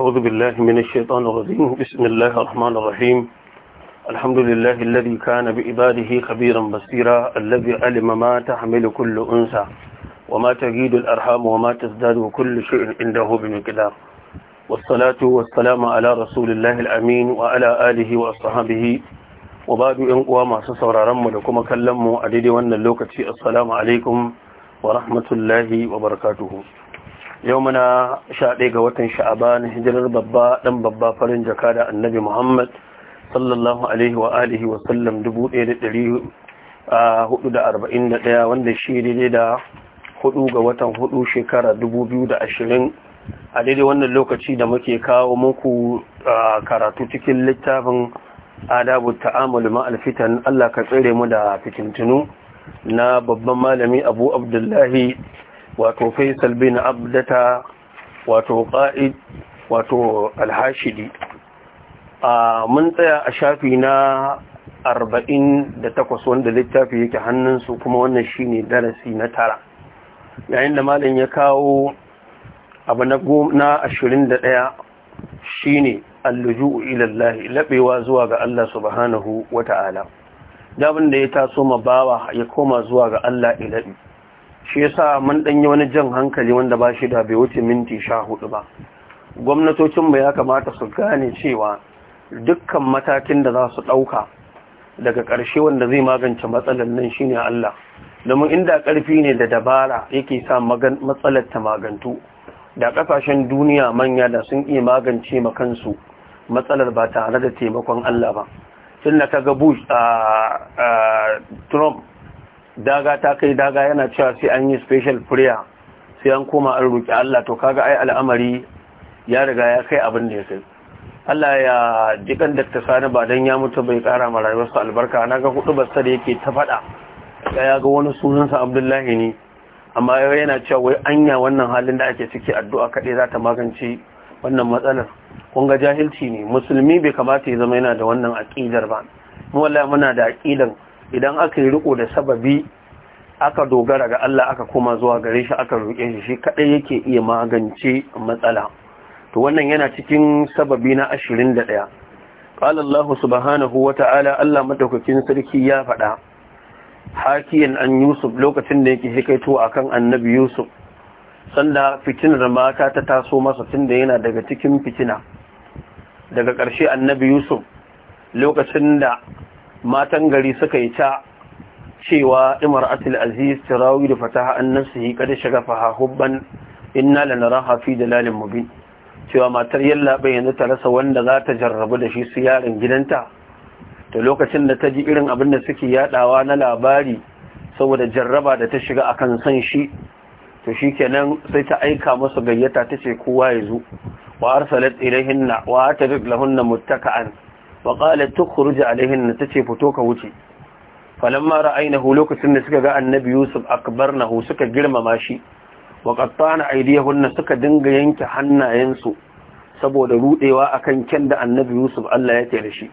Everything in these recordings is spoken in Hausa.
أعوذ بالله من الشيطان الرجيم بسم الله الرحمن الرحيم الحمد لله الذي كان بإباده خبيرا بصيرا الذي علم ما تحمل كل أنثى وما تجيد الأرحام وما تزداد كل شيء عنده بمقدار والصلاة والسلام على رسول الله الأمين وعلى آله وأصحابه وبعد إن قوام سسورا رم لكم كلموا أديد وأن اللوكة السلام عليكم ورحمة الله وبركاته yau muna sha ɗaya ga watan na hijirar babba ɗan babba farin jaka da annabi muhammad sallallahu alaihi wa alihi wa sallam dubu ɗaya da ɗari hudu da arba'in da ɗaya wanda shi daidai da hudu ga watan hudu shekara dubu biyu da ashirin a daidai wannan lokaci da muke kawo muku karatu cikin littafin adabu ta'amul ma'alfitan Allah ka tsere mu da fitintunu na babban malami Abu Abdullahi wato faisal bin abdata wato ƙa'id wato alhashidi a mun tsaya a shafi na arba'in da takwas wanda littafi yake hannunsu kuma wannan shine darasi na tara yayin da malin ya kawo abu na ashirin da ɗaya shine alluju ilallahi laɓewa zuwa ga Allah subhanahu wata'ala dabin da ya taso ma bawa ya koma zuwa ga Allah ilabi shi yasa mun danyi wani jan hankali wanda ba shi da bai wuce minti sha hudu ba gwamnatocin mu ya kamata su gane cewa dukkan matakin da za su ɗauka daga ƙarshe wanda zai magance matsalar nan shine Allah domin inda ƙarfi ne da dabara yake sa matsalar ta magantu da ƙasashen duniya manya da sun iya magance makansu matsalar ba tare da taimakon Allah ba tun da kaga Bush a Trump daga ta kai daga yana cewa sai an yi special prayer sai an koma an roƙi Allah to kaga ai al'amari ya riga ya kai abin da ya kai Allah ya jikan da sani ba dan ya mutu bai kara ma rayuwarsa albarka na ga hudu basta da yake ta faɗa ya ga wani sunansa Abdullahi ne amma yana cewa wai anya wannan halin da ake ciki addu'a kaɗai za ta magance wannan matsalar kun ga jahilci ne musulmi bai kamata ya zama yana da wannan aƙidar ba mu wallahi muna da aƙidan idan aka yi riko da sababi aka dogara ga Allah aka koma zuwa gare shi aka roƙe shi shi kadai yake iya magance matsala to wannan yana cikin sababi na 21 qala Allah subhanahu wata'ala Allah madaukakin sarki ya faɗa hakiyan an Yusuf lokacin da yake hikaito akan annabi Yusuf sanda fitinar mata ta taso masa tunda yana daga cikin fitina daga ƙarshe annabi Yusuf lokacin da matan gari suka yi ta cewa imar atil aziz tirawi da fata an yi kada shiga faha hubban inna raha fi da lalin mubin cewa matar yalla bai yanzu ta rasa wanda za ta jarrabu da shi su yarin gidanta da lokacin da ta ji irin abin da suke yadawa na labari saboda jarraba da ta shiga a kan san shi to shi kenan sai ta aika masu gayyata ta ce kowa ya zo wa arsalat ilaihinna wa atarid lahunna muttaka'an faƙalar ji alihin na ta ce fito ka wuce falamma ra'ainahu lokacin da suka ga annabi yusuf hu suka girmama shi wa qattana hunna suka dinga yanke hannayensu saboda rudewa kan kyan da annabi yusuf Allah ya tere shi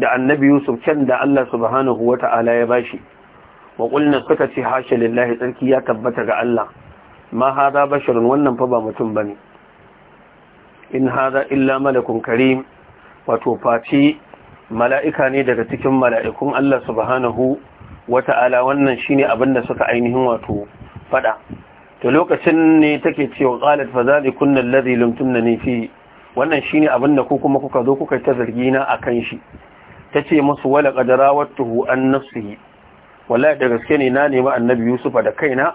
da annabi yusuf kyan da Allah subhanahu ala ya bashi shi qulna suka ce hashe lillahi tsarki ya tabbata ga Allah ma hada basharun wannan fa ba mutum ba ne. in haza illa malakun karim wato face mala'ika ne daga cikin mala'ikun Allah subhanahu wata'ala wannan shine abin da suka ainihin wato fada to lokacin ne take cewa qalat fa zalikunna lumtun na fi wannan shine abin da ku kuma kuka zo kuka ta zargi na kan shi Ta tace musu wala hu an nafsihi Wala da gaske ne na nemi annabi Yusuf da kaina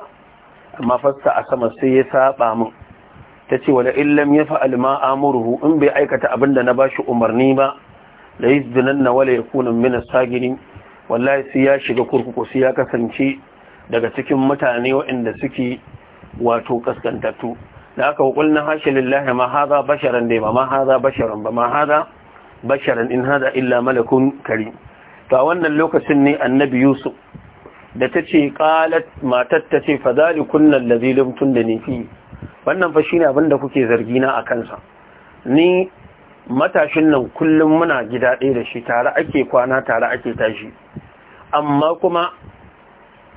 amma fasta a sama sai ya saɓa min ta ce wala illan ya fa'al ma'amuruhu in bai aikata abin da na ba shi umarni ba da yi zinan na wala ya kunan mina sagirin wallahi sai ya shiga kurkuku sai ya kasance daga cikin mutane waɗanda suke wato kaskantattu da aka hukul na hashe lillahi ma haza basharan dai ba ma haza basharan ba ma haza basharan in haza illa malakun kari ta wannan lokacin ne annabi yusuf da ta ce ƙalat matar ta ce zali kunnan lazilin tun da nifi wannan fa shine abin da kuke zargi na a kansa ni matashin nan kullum muna gida ɗaya da shi tare ake kwana tare ake tashi amma kuma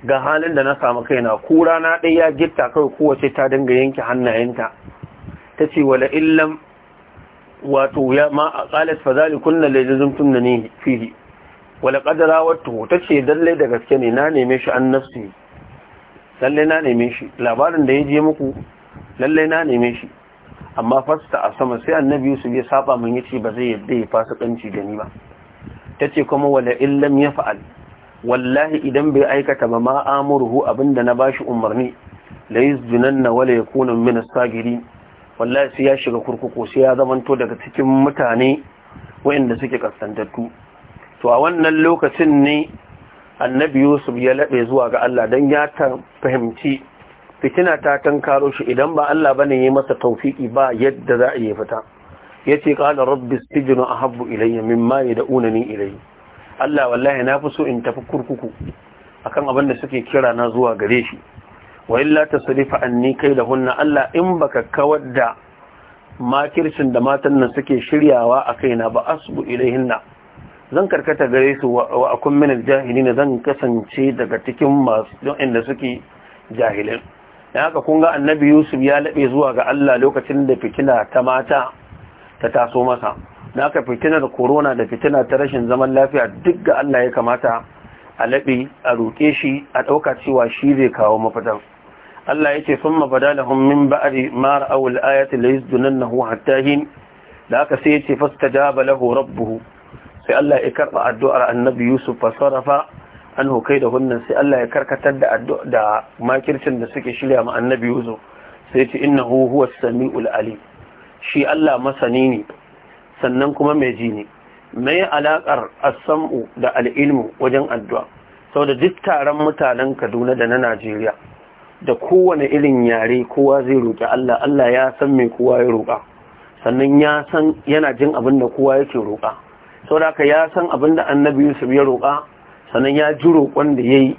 ga halin da na samu kaina kura na ɗaya ya gitta kawai kowace ta dinga yanke hannayenta ta ce wala illam wato ya ma a ƙalat fa kunna lailizum tumna ne fihi wala qadara wato ta ce dalle da gaske ne na neme shi an nafsi lalle na neme shi labarin da ya je muku lallai na neme shi amma fasta a sama sai annabi yusuf ya saba min yace ba zai yadda ya kanci da ni ba tace kuma wala illam yaf'al wallahi idan bai aikata ba ma amuruhu abinda na bashi umarni la junanna wala yakuna min as-sagirin wallahi sai ya shiga kurkuku sai ya zamanto daga cikin mutane waɗanda suke kasantattu to a wannan lokacin ne annabi yusuf ya laɓe zuwa ga Allah dan ya ta fahimci fitina ta tankaro shi idan ba Allah bane yi masa tawfiki ba yadda za a yi fita yace qala rabbi istijnu ahabbu ilayya mimma yad'unani ilayhi Allah wallahi na fi so in tafi kurkuku akan abin da suke kira na zuwa gare shi wa illa tasrifa anni kaidahunna Allah in baka kawar da makircin da matan nan suke shiryawa a kaina ba asbu ilaihinna zan karkata gare su wa akun min aljahilin zan kasance daga cikin masu inda suke jahilin dan haka kun annabi yusuf ya laɓe zuwa ga allah lokacin da fitina ta mata ta taso masa dan haka fitinar corona da fitina ta rashin zaman lafiya duk ga allah ya kamata a laɓe a roƙe shi a ɗauka cewa shi zai kawo mafitan allah ya ce sun mafada da hummin ba'ari mara awul ayati la yusdunan nahu hatta hin da haka sai ya ce fasta jaba lahu rabbuhu sai allah ya karɓa addu'ar annabi yusuf fa sarrafa an hukai da hunnan sai Allah ya karkatar da da makircin da suke shirya ma annabi yuzo sai ce innahu huwa samiul alim shi Allah masani ne sannan kuma mai ji ne mai alakar as-sam'u da al-ilmu wajen addu'a saboda duk taron mutanen Kaduna da na Najeriya da kowane irin yare kowa zai roki Allah Allah ya san me kowa ya roƙa sannan ya san yana jin abin da kowa yake roƙa saboda haka ya san abinda da Annabi Yusuf ya roƙa sannan ya ji roƙon da ya yi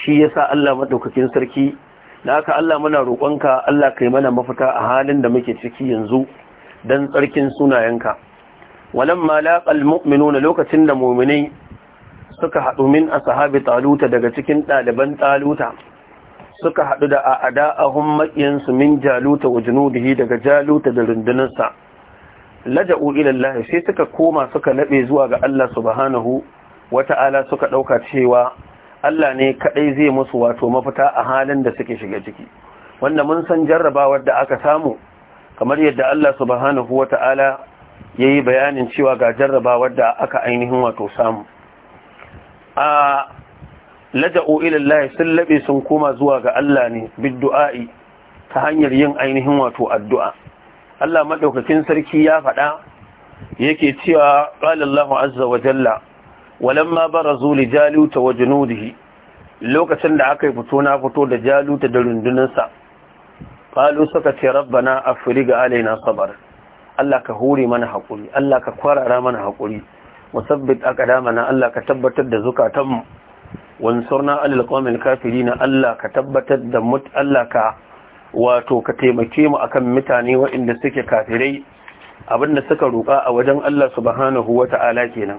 shi ya sa Allah maɗaukakin sarki da aka Allah mana roƙonka Allah ka yi mana mafita a halin da muke ciki yanzu don tsarkin sunayenka walan ma laƙal na lokacin da muminai suka haɗu min a sahabi taluta daga cikin ɗaliban taluta suka haɗu da a ada'ahun maƙiyansu min jaluta wa junubihi daga jaluta da rundunarsa laja'u ilallahi sai suka koma suka laɓe zuwa ga Allah subhanahu wata'ala suka ɗauka cewa Allah ne kaɗai zai musu wato mafita a halin da suke shiga ciki wanda mun san jarrabawar da aka samu kamar yadda Allah subhanahu wata'ala yayi bayanin cewa ga jarrabawar da aka ainihin wato samu a laja'u ilallahi sun laɓe sun koma zuwa ga Allah ne du'a'i ta hanyar yin ainihin wato addu'a Allah maɗaukakin sarki ya faɗa yake cewa Allahu azza wa jalla walamma barazu li jaluta waje junudihi lokacin da aka fito na fito da jaluta da rundunansa qalu suka ce rabbana afriga alaina sabr Allah ka hore mana hakuri Allah ka kwarara mana hakuri musabbit aqdamana Allah ka tabbatar da zukatanmu wansurna alal qawmil kafirin Allah ka tabbatar da mut Allah ka wato ka taimake mu akan mutane waɗanda suke kafirai abinda suka roƙa a wajen Allah subhanahu wata'ala kenan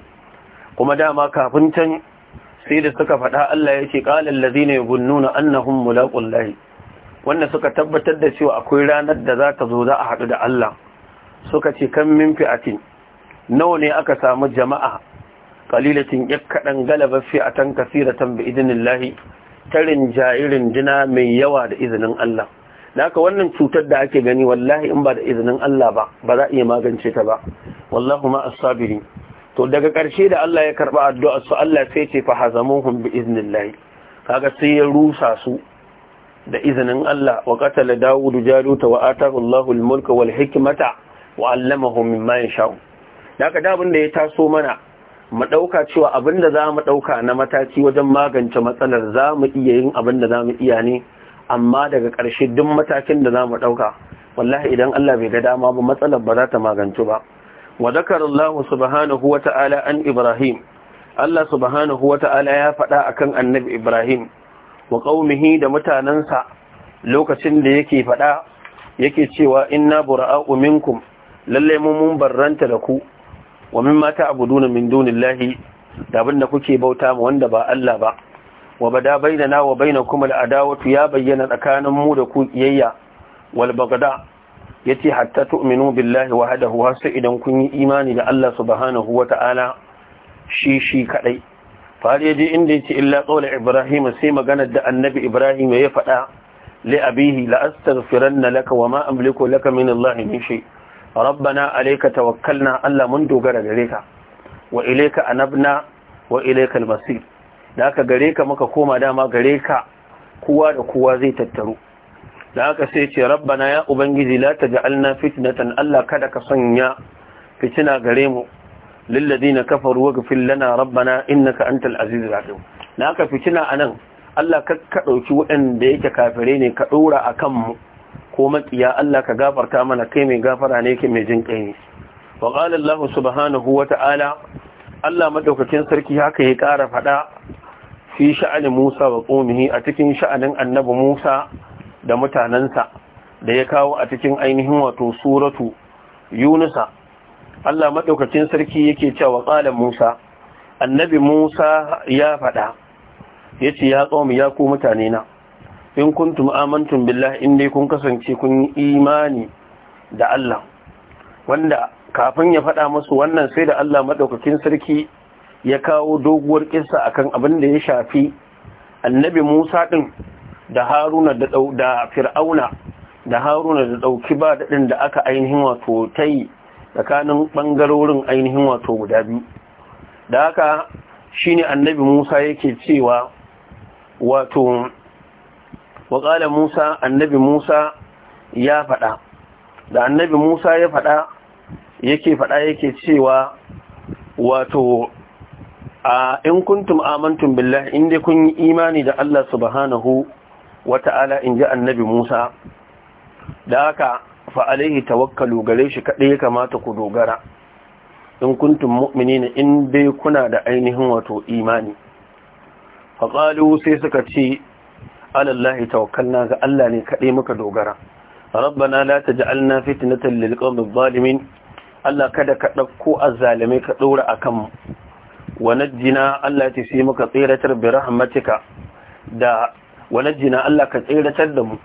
kuma dama kafin can sai da suka faɗa Allah ya ce ƙalar lazina ya gunnuna annahun mulaƙun lahi wanda suka tabbatar da cewa akwai ranar da za ta zo za a haɗu da Allah suka ce kan min fi'atin nawa ne aka samu jama'a ƙalilatin ya kaɗan galaba fi'atan kasiratan bi idinin lahi tarin jairin jina mai yawa da izinin Allah da haka wannan cutar da ake gani wallahi in ba da izinin Allah ba ba za a iya magance ta ba wallahu ma as-sabirin to daga ƙarshe da Allah ya karɓi addu'a su Allah sai ce fa hazamuhum bi iznillahi kaga sai ya rusa su da izinin Allah wa qatala Dawud Jalut wa atahu Allahu al-mulka wal hikmata wa 'allamahu mimma yasha daga da abin da ya taso mana mu dauka cewa abin da za mu dauka na mataki wajen magance matsalar za mu iya yin abin da za mu iya ne amma daga ƙarshe duk matakin da za mu dauka wallahi idan Allah bai ga dama ba matsalar ba za ta magance ba wa zakara Allah an Ibrahim Allah subhanahu wa ta'ala ya faɗa akan annabi Ibrahim wa qaumihi da mutanansa lokacin da yake faɗa yake cewa in na bura'u minkum lalle mu mun barranta da ku wa mimma ta'buduna min dunillahi da abinda kuke bauta ma wanda ba Allah ba wa bada bainana wa bainakum al'adawatu ya bayyana tsakanin mu da ku kiyayya wal bagda yace hatta tu'minu billahi wahdahu har sai idan kun yi imani da Allah subhanahu wata'ala shi shi kadai fa yaje inda yace illa qawla ibrahim sai maganar da annabi ibrahim ya faɗa li abihi la astaghfiranna laka wama amliku laka min Allah min shay rabbana alayka tawakkalna Allah mun dogara gare ka wa ilayka anabna wa ilayka al da aka gare ka muka koma dama gare ka kowa da kowa zai tattaro da aka sai ce rabbana ya ubangiji la taj'alna fitnatan Allah kada ka sanya fitina gare mu ladina kafaru waghfir lana rabbana innaka antal azizul hakim na aka fitina anan Allah ka ka dauki waɗanda yake kafire ne ka dora akan mu ko makiya Allah ka gafarta mana kai mai gafara ne kai mai jin kai ne wa qala Allah subhanahu wa ta'ala Allah madaukakin sarki haka ya kara fada fi sha'ani Musa wa qumihi a cikin sha'anin annabi Musa da mutanensa da ya kawo a cikin ainihin wato suratu yunusa Allah maɗaukacin sarki yake cewa ƙalan Musa annabi Musa ya faɗa ya ce ya tsomi ya ku mutane na in kuntum amantun billahi in dai kun kasance kun yi imani da Allah wanda kafin ya faɗa musu wannan sai da Allah maɗaukakin sarki ya kawo doguwar a kan abin da ya shafi annabi Musa ɗin da haruna da fir'auna da haruna da ɗauki ba daɗin da aka ainihin wato ta yi tsakanin ɓangarorin ainihin wato guda biyu da haka shi ne annabi musa yake cewa wato waƙala musa annabi musa ya faɗa da annabi musa ya faɗa yake faɗa yake cewa wato a in kuntum amantum billahi inda kun yi imani da allah subhanahu wata'ala in ji annabi Musa da aka fa alaihi tawakkalu gare shi kaɗai ya kamata ku dogara in mumini na in dai kuna da ainihin wato imani fa sai suka ce alallahi tawakkalna ga Allah ne kaɗai muka dogara rabbana la ji fitnatan lil qawmi zalimin Allah kada ka a azzalime ka ɗora akan mu wa najjina Allah ta sai muka tsiratar bi rahmatika da wanajjina Allah ka tsiratar da mu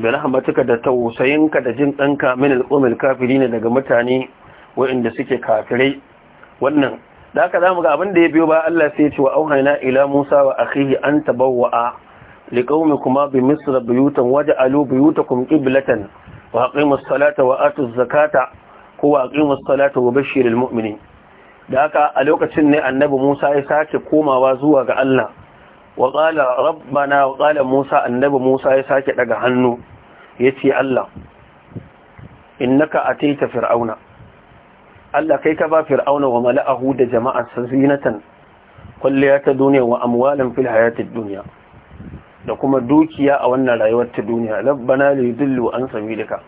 da rahmatuka da tausayinka da jin ɗanka min al'ummar kafiri daga mutane waɗanda suke kafirai wannan da ka zamu ga abin da ya biyo ba Allah sai ce wa auhaina ila Musa wa akhihi an tabawwa liqaumi kuma bi misr buyutan waj'alu buyutakum qiblatan wa aqimus salata wa atuz zakata ko wa aqimus salata wa bashiril mu'minin da haka a lokacin ne annabi Musa ya sake komawa zuwa ga Allah wa qala rabbana wa musa annabi musa ya sake daga hannu ya yace Allah innaka ataita fir'auna Allah kai ka ba fir'auna wa mala'ahu da jama'a sazinatan kwalliya ta duniya wa amwalan fil hayatid dunya da kuma dukiya a wannan rayuwar ta duniya rabbana li yudillu an sabilika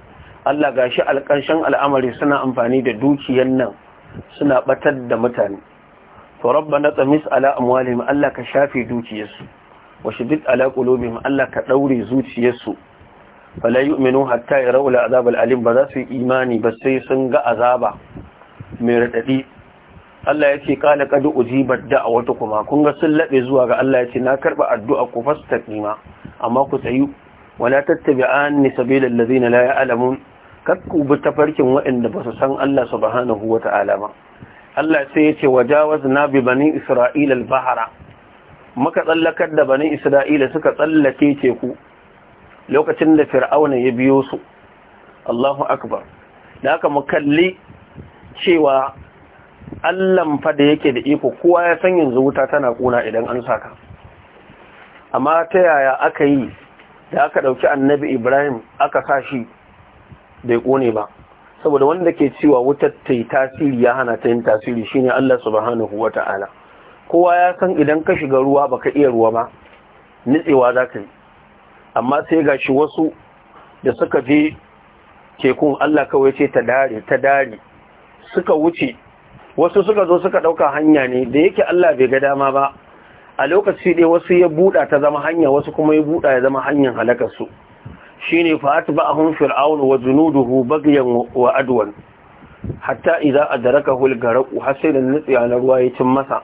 Allah gashi alƙarshen al'amari suna amfani da dukiyan nan suna batar da mutane to na tsamis ala amwalihim Allah ka shafe dukiyarsu wa duk ala qulubihim Allah ka ɗaure zuciyarsu fala yu'minu hatta a zabar al'alim ba za su yi imani ba sai sun ga azaba mai raɗaɗi, Allah ya ce ba da a wata kuma kun ga sun laɓe zuwa ga Allah ya ce na karɓa addu'a ku fastaqima amma ku tsayu wala tattabi'anni sabilal ladina la Kar kakku bi tafarkin waɗanda ba su san Allah subhanahu wata'ala ba Allah sai ya ce wajawaz na bi bani Isra'ila al-bahara muka tsallakar da bani Isra'ila suka tsallake teku lokacin da Fir'auna ya biyo su Allahu akbar da aka mu kalli cewa Allahn fa da yake da iko kowa ya san yanzu wuta tana kuna idan an saka amma ta yaya aka yi da aka ɗauki annabi Ibrahim aka sa shi bai kone ba saboda wanda ke cewa wutar ta yi tasiri ya hana ta yin tasiri shi ne Allah subhanahu wa ta'ala kowa ya san idan ka shiga ruwa ba ka iya ruwa ba nitsewa za ka yi amma sai ga shi wasu da suka je tekun Allah kawai ce ta dare ta dare suka wuce wasu suka zo suka ɗauka hanya ne da yake Allah bai ga dama ba a lokaci dai wasu ya buɗa ta zama hanya wasu kuma ya buɗa ya zama hanyar halakarsu shine a atba'ahum Fir'auna wa junuduhu baghyan wa adwan hatta idza adrakahu al-garq hasirin nutsiya na ruwa ya cin masa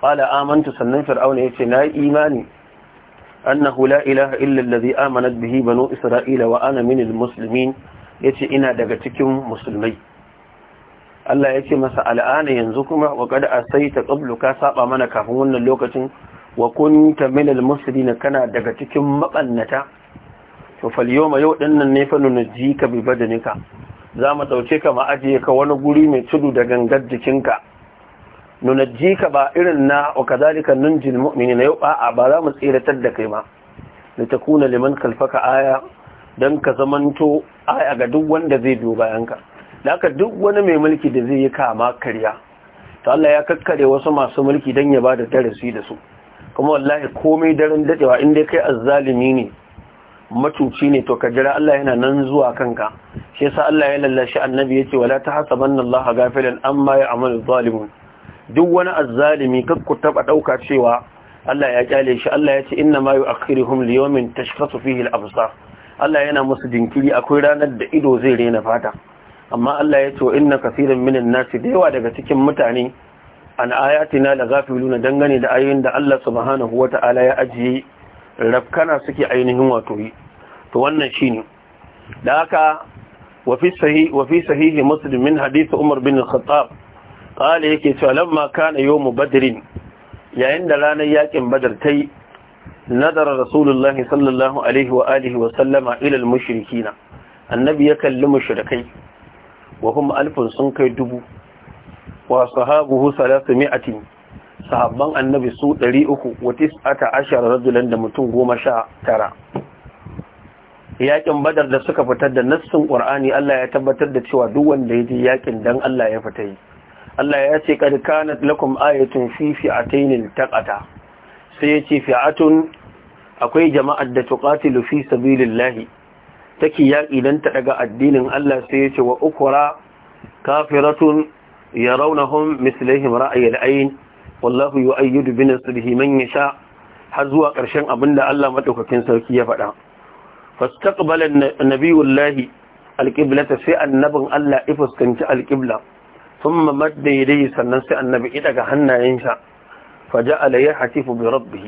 qala amantu sannan fir'aun yace na imani annahu la ilaha illa allazi amanat bihi banu isra'ila wa ana minal muslimin yace ina daga cikin musulmai Allah yace masa al'ana yanzu kuma wa qad asaita qablu ka saba mana kafin wannan lokacin wa kunta minal muslimin kana daga cikin mabannata to falyoma yau din nan ne fa ka bi nika, za mu ɗauke ka ma'ajiye ka wani guri mai tudu da gangar jikinka ka ba irin na wa jin mu'mini na yau a'a ba za mu tsiratar da kai ma da ta kuna liman kalfaka aya don ka zamanto aya ga duk wanda zai biyo bayan ka. da haka duk wani mai mulki da zai yi kama karya ta Allah ya kakkare wasu masu mulki don ya ba da darasi da su kuma wallahi komai daren dadewa inda ya kai azzalimi ne matuci ne to ka jira Allah yana nan zuwa kanka shi yasa Allah ya lallashi annabi yace wala tahsabanna Allah ghafilan amma ya'malu zalimun duk wani azzalimi kar ku taba dauka cewa Allah ya kyale shi Allah yace inna ma yu'akhiruhum li yawmin tashkhasu fihi al-absar Allah yana musu jinkiri akwai ranar da ido zai rena fata amma Allah yace inna kaseeran minan nasi da yawa daga cikin mutane an ayatina la ghafiluna dangane da ayoyin da Allah subhanahu wata'ala ya ajiye rafkana suke ainihin wato yi to wannan shine da haka wafi صحيح وفي صحيح مسلم من حديث عمر yake cewa lamma kana yawm badrin yayin da ranar yakin badar tai nadara rasulullah sallallahu alaihi wa alihi wa sallama ila al mushrikin annabi ya kalli mushrikai wa hum alfun sun kai dubu wa sahabuhu 300 sahabban annabi su 300 wa 19 rajulan da mutum 19 yakin badar da suka fitar da nassin qur'ani Allah ya tabbatar da cewa duk wanda ya je yakin dan Allah ya fita yi Allah ya ce kad kanat lakum ayatun fi fi'atayn taqata sai ya ce fi'atun akwai jama'ar da tuqatilu fi sabilillahi take yaki dan ta daga addinin Allah sai ya ce wa ukra kafiratun yarawnahum mislihim ra'ayil ayn wallahu yu'ayyidu bi nasrihi man yasha har zuwa ƙarshen abinda Allah madaukakin sarki ya faɗa fastaqbala nabiyullahi alqiblata sai annabin Allah ya fuskanci alqibla thumma madda yadayhi sannan sai annabi ya daga hannayensa faja'ala yahtifu bi rabbih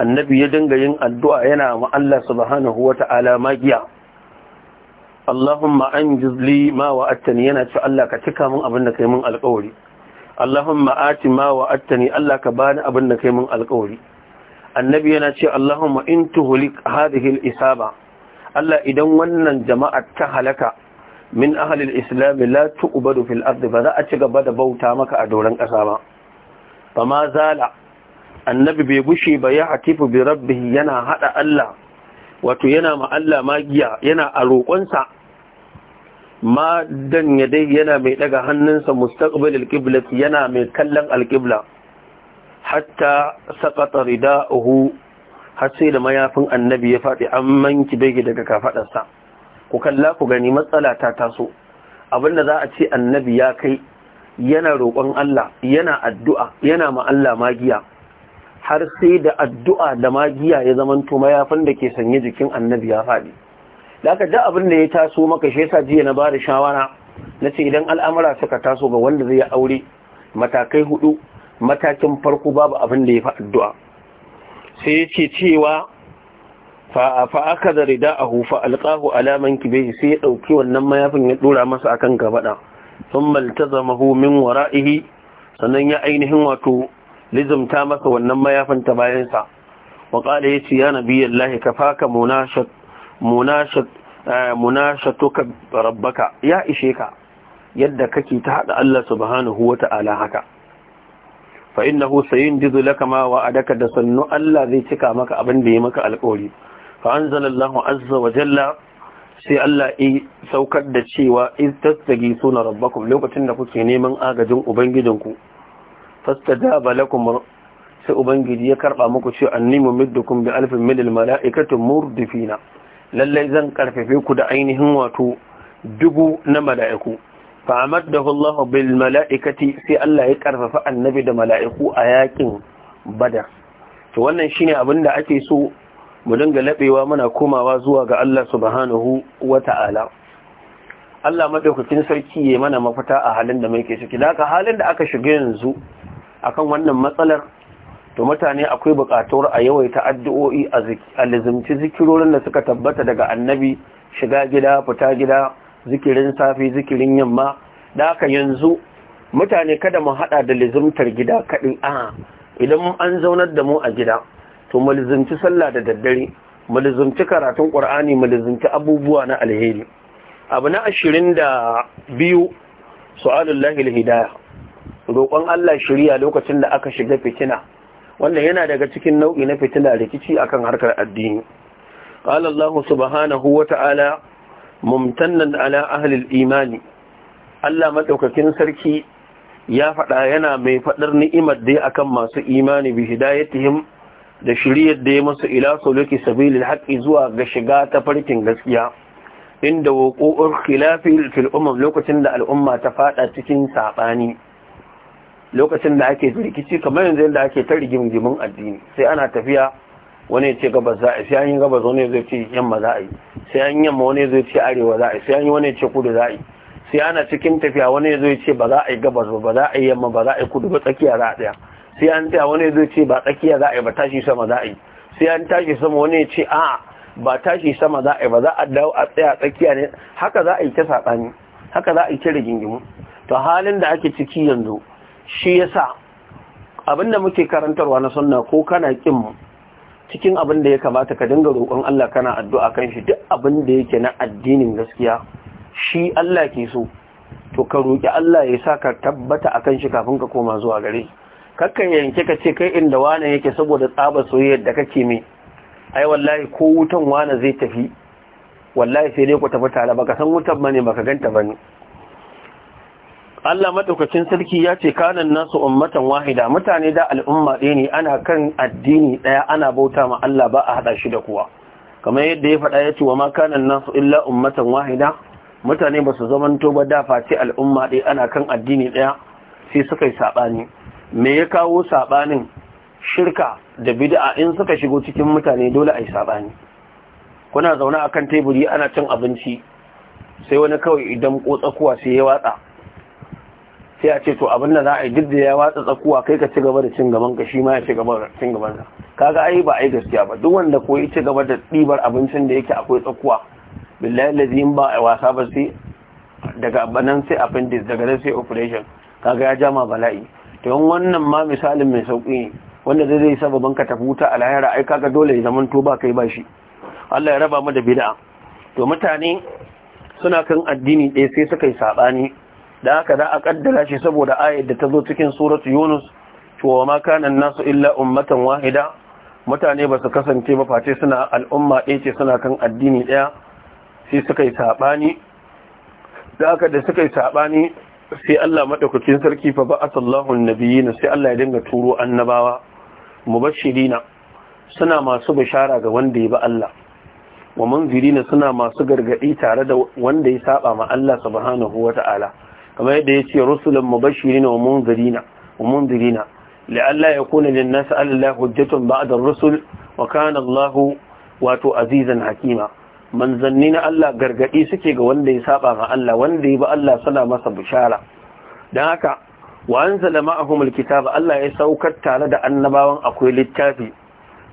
annabi ya dinga yin addu'a yana ma Allah subhanahu wata'ala magiya Allahumma anjiz li ma wa'adtani yana cewa Allah ka cika min abin da kai min alƙawari Allahumma ati ma wa'adtani Allah ka bani abin da kai min alƙawari annabi yana ce Allahumma in tuhlik hadhihi al-isaba Allah idan wannan jama'ar ta halaka min ahalil islami la tu'badu fil ard ba za a ci gaba da bauta maka a doron ƙasa ba ma zala annabi bai bushe ba ya hatifu bi rabbih yana hada Allah wato yana ma Allah magiya yana a roƙonsa ma dan ya dai yana mai daga hannunsa mustaqbalil qiblati yana mai kallon alqibla hatta saqata rida'uhu har sai da mayafin annabi ya faɗi an manki bege daga kafaɗarsa ku kalla ku gani matsala ta taso abinda za a ce annabi ya kai yana roƙon Allah yana addu'a yana ma Allah magiya har sai da addu'a da magiya ya zamanto mayafin da ke sanye jikin annabi ya faɗi da aka da abin da ya taso maka shi yasa jiya na ba da shawara na ce idan al'amura suka taso ga wanda zai aure matakai hudu matakin farko babu abin da ya fi addu'a sai yake cewa fa aka da rida a hufa alƙahu alaman kibe sai ya ɗauki wannan mayafin ya ɗora masa akan gabaɗa sun malta zama homin wara'ihi sannan ya ainihin wato lizumta masa wannan mayafin ta bayansa wa ƙada ya ce ya nabi yallahi ka faka eh, munashatuka rabbaka ya ishe ka yadda kake ta haɗa Allah subhanahu wa ta'ala haka fa innahu sayinjizu laka ma wa'adaka da sannu Allah zai cika maka abin da ya maka alƙawari fa anzalallahu azza wa jalla sai Allah ya saukar da cewa iz suna rabbakum lokacin da kuke neman agajin ubangijinku fastajaba lakum sai ubangiji ya karba muku cewa annimu middukum bi alfin min al mala'ikati murdifina lalle zan karfafe ku da ainihin wato dubu na mala'iku da Allah bil mala'ikati sai Allah ya karfafa annabi da mala'iku a yakin badar to wannan shine abin da ake so mu dinga laɓewa muna komawa zuwa ga Allah subhanahu wata'ala Allah madaukakin sarki ya mana mafita a halin da muke ciki da halin da aka shiga yanzu akan wannan matsalar to mutane akwai buƙatuwar a yawaita addu'o'i a lizimci zikirorin da suka tabbata daga annabi shiga gida fita gida zikirin safi zikirin yamma da haka yanzu mutane kada mu hada da lizumtar gida kaɗai a idan an zaunar da mu a gida to mu lizumci sallah da daddare mu lizumci karatun qur'ani mu lizumci abubuwa na alheri abu na 22 su'alullahi alhidayah roƙon Allah shiriya lokacin da aka shiga fitina wanda yana daga cikin nau'i na fitina rikici akan harkar addini qala subhanahu wa ta'ala mumtannan ala ahlil imani Allah madaukakin sarki ya faɗa yana mai faɗar ni'imar dai akan masu imani bi hidayatihim da shiriyar da ya masu ila suluki sabilil haqqi zuwa ga shiga ta farkin gaskiya inda wuqu'ur khilafi fil umam lokacin da al'umma ta faɗa cikin sabani lokacin da ake rikici kamar yanzu da ake ta rigimgimin addini sai ana tafiya wani ce gabas za a sai an yi gabas wani zai ce yamma za a yi sai an yamma wani zai ce arewa za a yi sai an yi wani ce kudu za a yi sai ana cikin tafiya wani zai ce ba za a yi gabas ba za a yi yamma ba za a yi kudu ba tsakiya za a tsaya sai an tsaya wani zai ce ba tsakiya za a yi ba tashi sama za a yi sai an tashi sama wani ce a ba tashi sama za a yi ba za a dawo a tsaya tsakiya ne haka za a yi ta saɓani haka za a yi ta rigingimu to halin da ake ciki yanzu shi yasa abinda muke karantarwa na sunna ko kana kin mu cikin abin da ya kamata ka dinga roƙon Allah kana addu'a kan shi duk abin da yake na addinin gaskiya shi Allah ke so to ka roƙi Allah ya sa ka tabbata akan shi kafin ka koma zuwa gare kakka yanke ka ce kai inda wane yake saboda tsaba soyayyar da kake mai ai wallahi ko wutan wane zai tafi wallahi sai dai ku tafi tare Ba ka san wutan bane baka ganta bane Allah madaukakin sarki ya ce kanan nasu ummatan wahida mutane da al'umma ɗaya ne ana kan addini ɗaya ana bauta ma Allah ba a haɗa shi da kowa kamar yadda ya faɗa ya ce wa ma kanan nasu illa ummatan wahida mutane ba su zamanto ba da face al'umma ɗaya ana kan addini ɗaya sai suka yi saɓani me ya kawo saɓanin shirka da bid'a in suka shigo cikin mutane dole a yi saɓani kuna zaune akan teburi ana cin abinci sai wani kawai idan ko tsakuwa sai ya watsa sai a ce to abin da za a yi duk da ya watsa tsakuwa kai ka ci gaba da cin gaban ka shi ma ya ci gaba da cin gaban ka kaga ai ba ai gaskiya ba duk wanda ko ya ci gaba da ɗibar abincin da yake akwai tsakuwa billahi lazi ba a wasa ba sai daga banan sai appendix daga nan sai operation kaga ya jama bala'i to yan wannan ma misalin mai sauki ne wanda zai zai sababin ka tafi wuta a lahira ai kaga dole ya zaman to ba kai ba shi Allah ya raba mu da bid'a to mutane suna kan addini ɗaya sai suka yi saɓani da haka za a kaddara shi saboda ayyar da ta zo cikin suratu yunus cewa ma kanan nasu illa ummatan wahida mutane ba su kasance ba face suna al'umma ɗaya ce suna kan addini ɗaya sai suka yi saɓani da haka da suka yi saɓani sai Allah maɗaukakin sarki fa ba asallahu nabiyina sai Allah ya dinga turo annabawa mubashirina suna masu bishara ga wanda ya ba Allah wa munzirina suna masu gargaɗi tare da wanda ya saɓa ma Allah subhanahu wata'ala kamar yadda ya ce rusulun mubashirin wa munzirina wa munzirina ya yakuna lin-nas alla hujjatun ba'da da rusul wa kana Allahu wato azizan hakima manzanni na Allah gargaɗi suke ga wanda ya saba ga Allah wanda ya bi Allah suna masa bishara dan haka wa anzala ma'ahum al Allah ya saukar tare da annabawan akwai littafi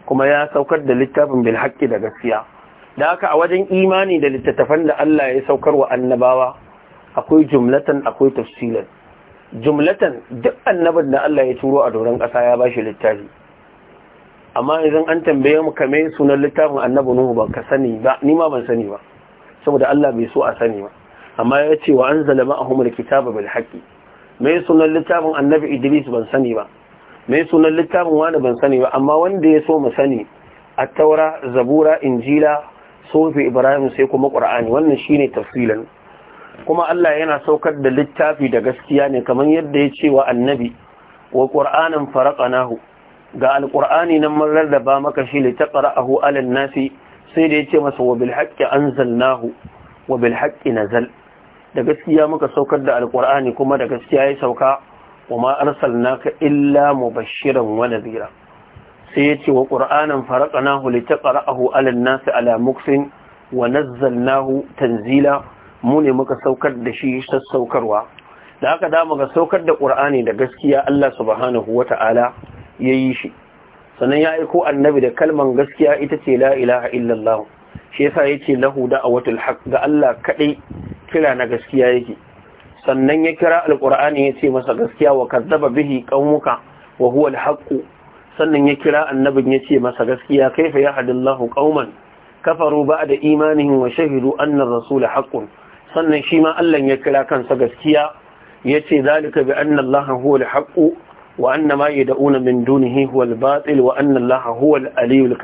kuma ya saukar da littafin bil haqqi da gaskiya dan haka a wajen imani da littattafan da Allah ya saukar wa annabawa akwai jumlatan akwai tafsilan jumlatan duk annabin da Allah ya turo a doron ƙasa ya bashi littafi amma idan an tambaye mu kame sunan littafin annabi Nuhu ba ka sani ba ni ma ban sani ba saboda Allah bai so a sani ba amma ya ce wa anzala ma'ahum alkitaba bil haqqi me sunan littafin annabi Idris ban sani ba me sunan littafin wani ban sani ba amma wanda ya so mu sani at-taura zabura injila sufi ibrahim sai kuma qur'ani wannan shine tafsilan kuma Allah yana saukar da littafi da gaskiya ne kamar yadda ya ce wa annabi wa qur'anan faraqnahu ga alƙur'ani nan da ba maka shi li taqra'ahu 'alan nasi sai da yace masa wa bil haqqi anzalnahu wa bil nazal da gaskiya muka saukar da Alƙur'ani kuma da gaskiya ya sauka wa ma arsalnaka illa mubashiran wa nadhira sai yace wa ƙur'anin faraqnahu li taqra'ahu 'alan nasi ala muksin wa nazzalnahu tanzila mu ne muka saukar da shi sassaukarwa da haka da muka saukar da ƙur'ani da gaskiya Allah subhanahu ta'ala ya yi shi sannan ya aiko annabi da kalman gaskiya ita ce la ilaha illallah shi yasa yace lahu da'awatul haq ga Allah kaɗai kira na gaskiya yake sannan ya kira alqur'ani yace masa gaskiya wa kazzaba bihi qaumuka wa huwa alhaq sannan ya kira annabin yace masa gaskiya kaifa yahdillahu qauman kafaru ba'da imanihim wa shahidu anna ar-rasula haqqun sannan shi ma Allah ya kira kansa gaskiya yace zalika bi anna Allah huwa al-haqq wa anna da una min dunihi huwa al wa anna Allah huwa al-aliyyu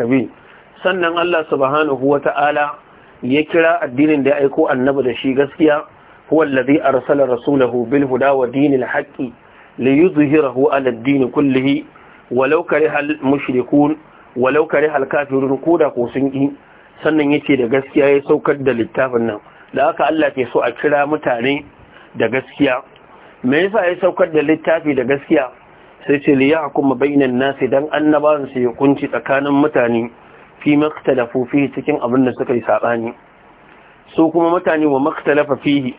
sannan Allah subhanahu wa ta'ala ya kira addinin da ya aiko annabi da shi gaskiya huwa alladhi arsala rasulahu bil huda wa dinil haqqi liyuzhirahu ala ad kullihi walau hal al-mushrikun walau kariha al-kafirun koda ko sun yi sannan yace da gaskiya ya saukar da littafin nan da haka Allah ke so a kira mutane da gaskiya me yasa ya saukar da littafi da gaskiya sai ce li yahkum bainan nasi dan annabawan su ya kunci tsakanin mutane fi maktalafu fi cikin abin da suka yi sabani su kuma mutane wa maktalafa fihi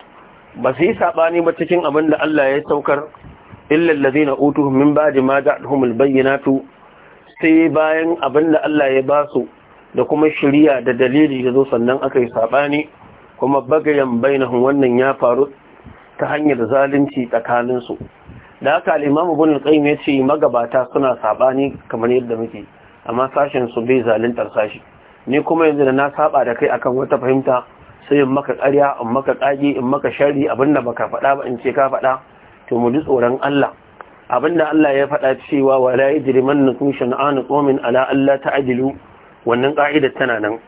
ba su yi sabani ba cikin abin da Allah ya saukar illa allazina utuhum min ba'di ma bayyana tu. sai bayan abin da Allah ya ba su da kuma shirya da dalili ya zo sannan aka yi sabani kuma bagayen bainahum wannan ya faru ta hanyar zalunci tsakaninsu. da haka alimamu bunin Ibn ya ce magabata suna saɓani kamar yadda muke amma sashen su bai zaluntar sashi ni kuma yanzu da na saba da kai akan wata fahimta sai in maka karya, in maka ƙage in maka shari abinda baka faɗa ba in ce ka faɗa to mu ji tsoron Allah abinda Allah ya faɗa cewa wala yajrimannakum shan'anu qawmin ala alla ta'dilu wannan ka'idar tana nan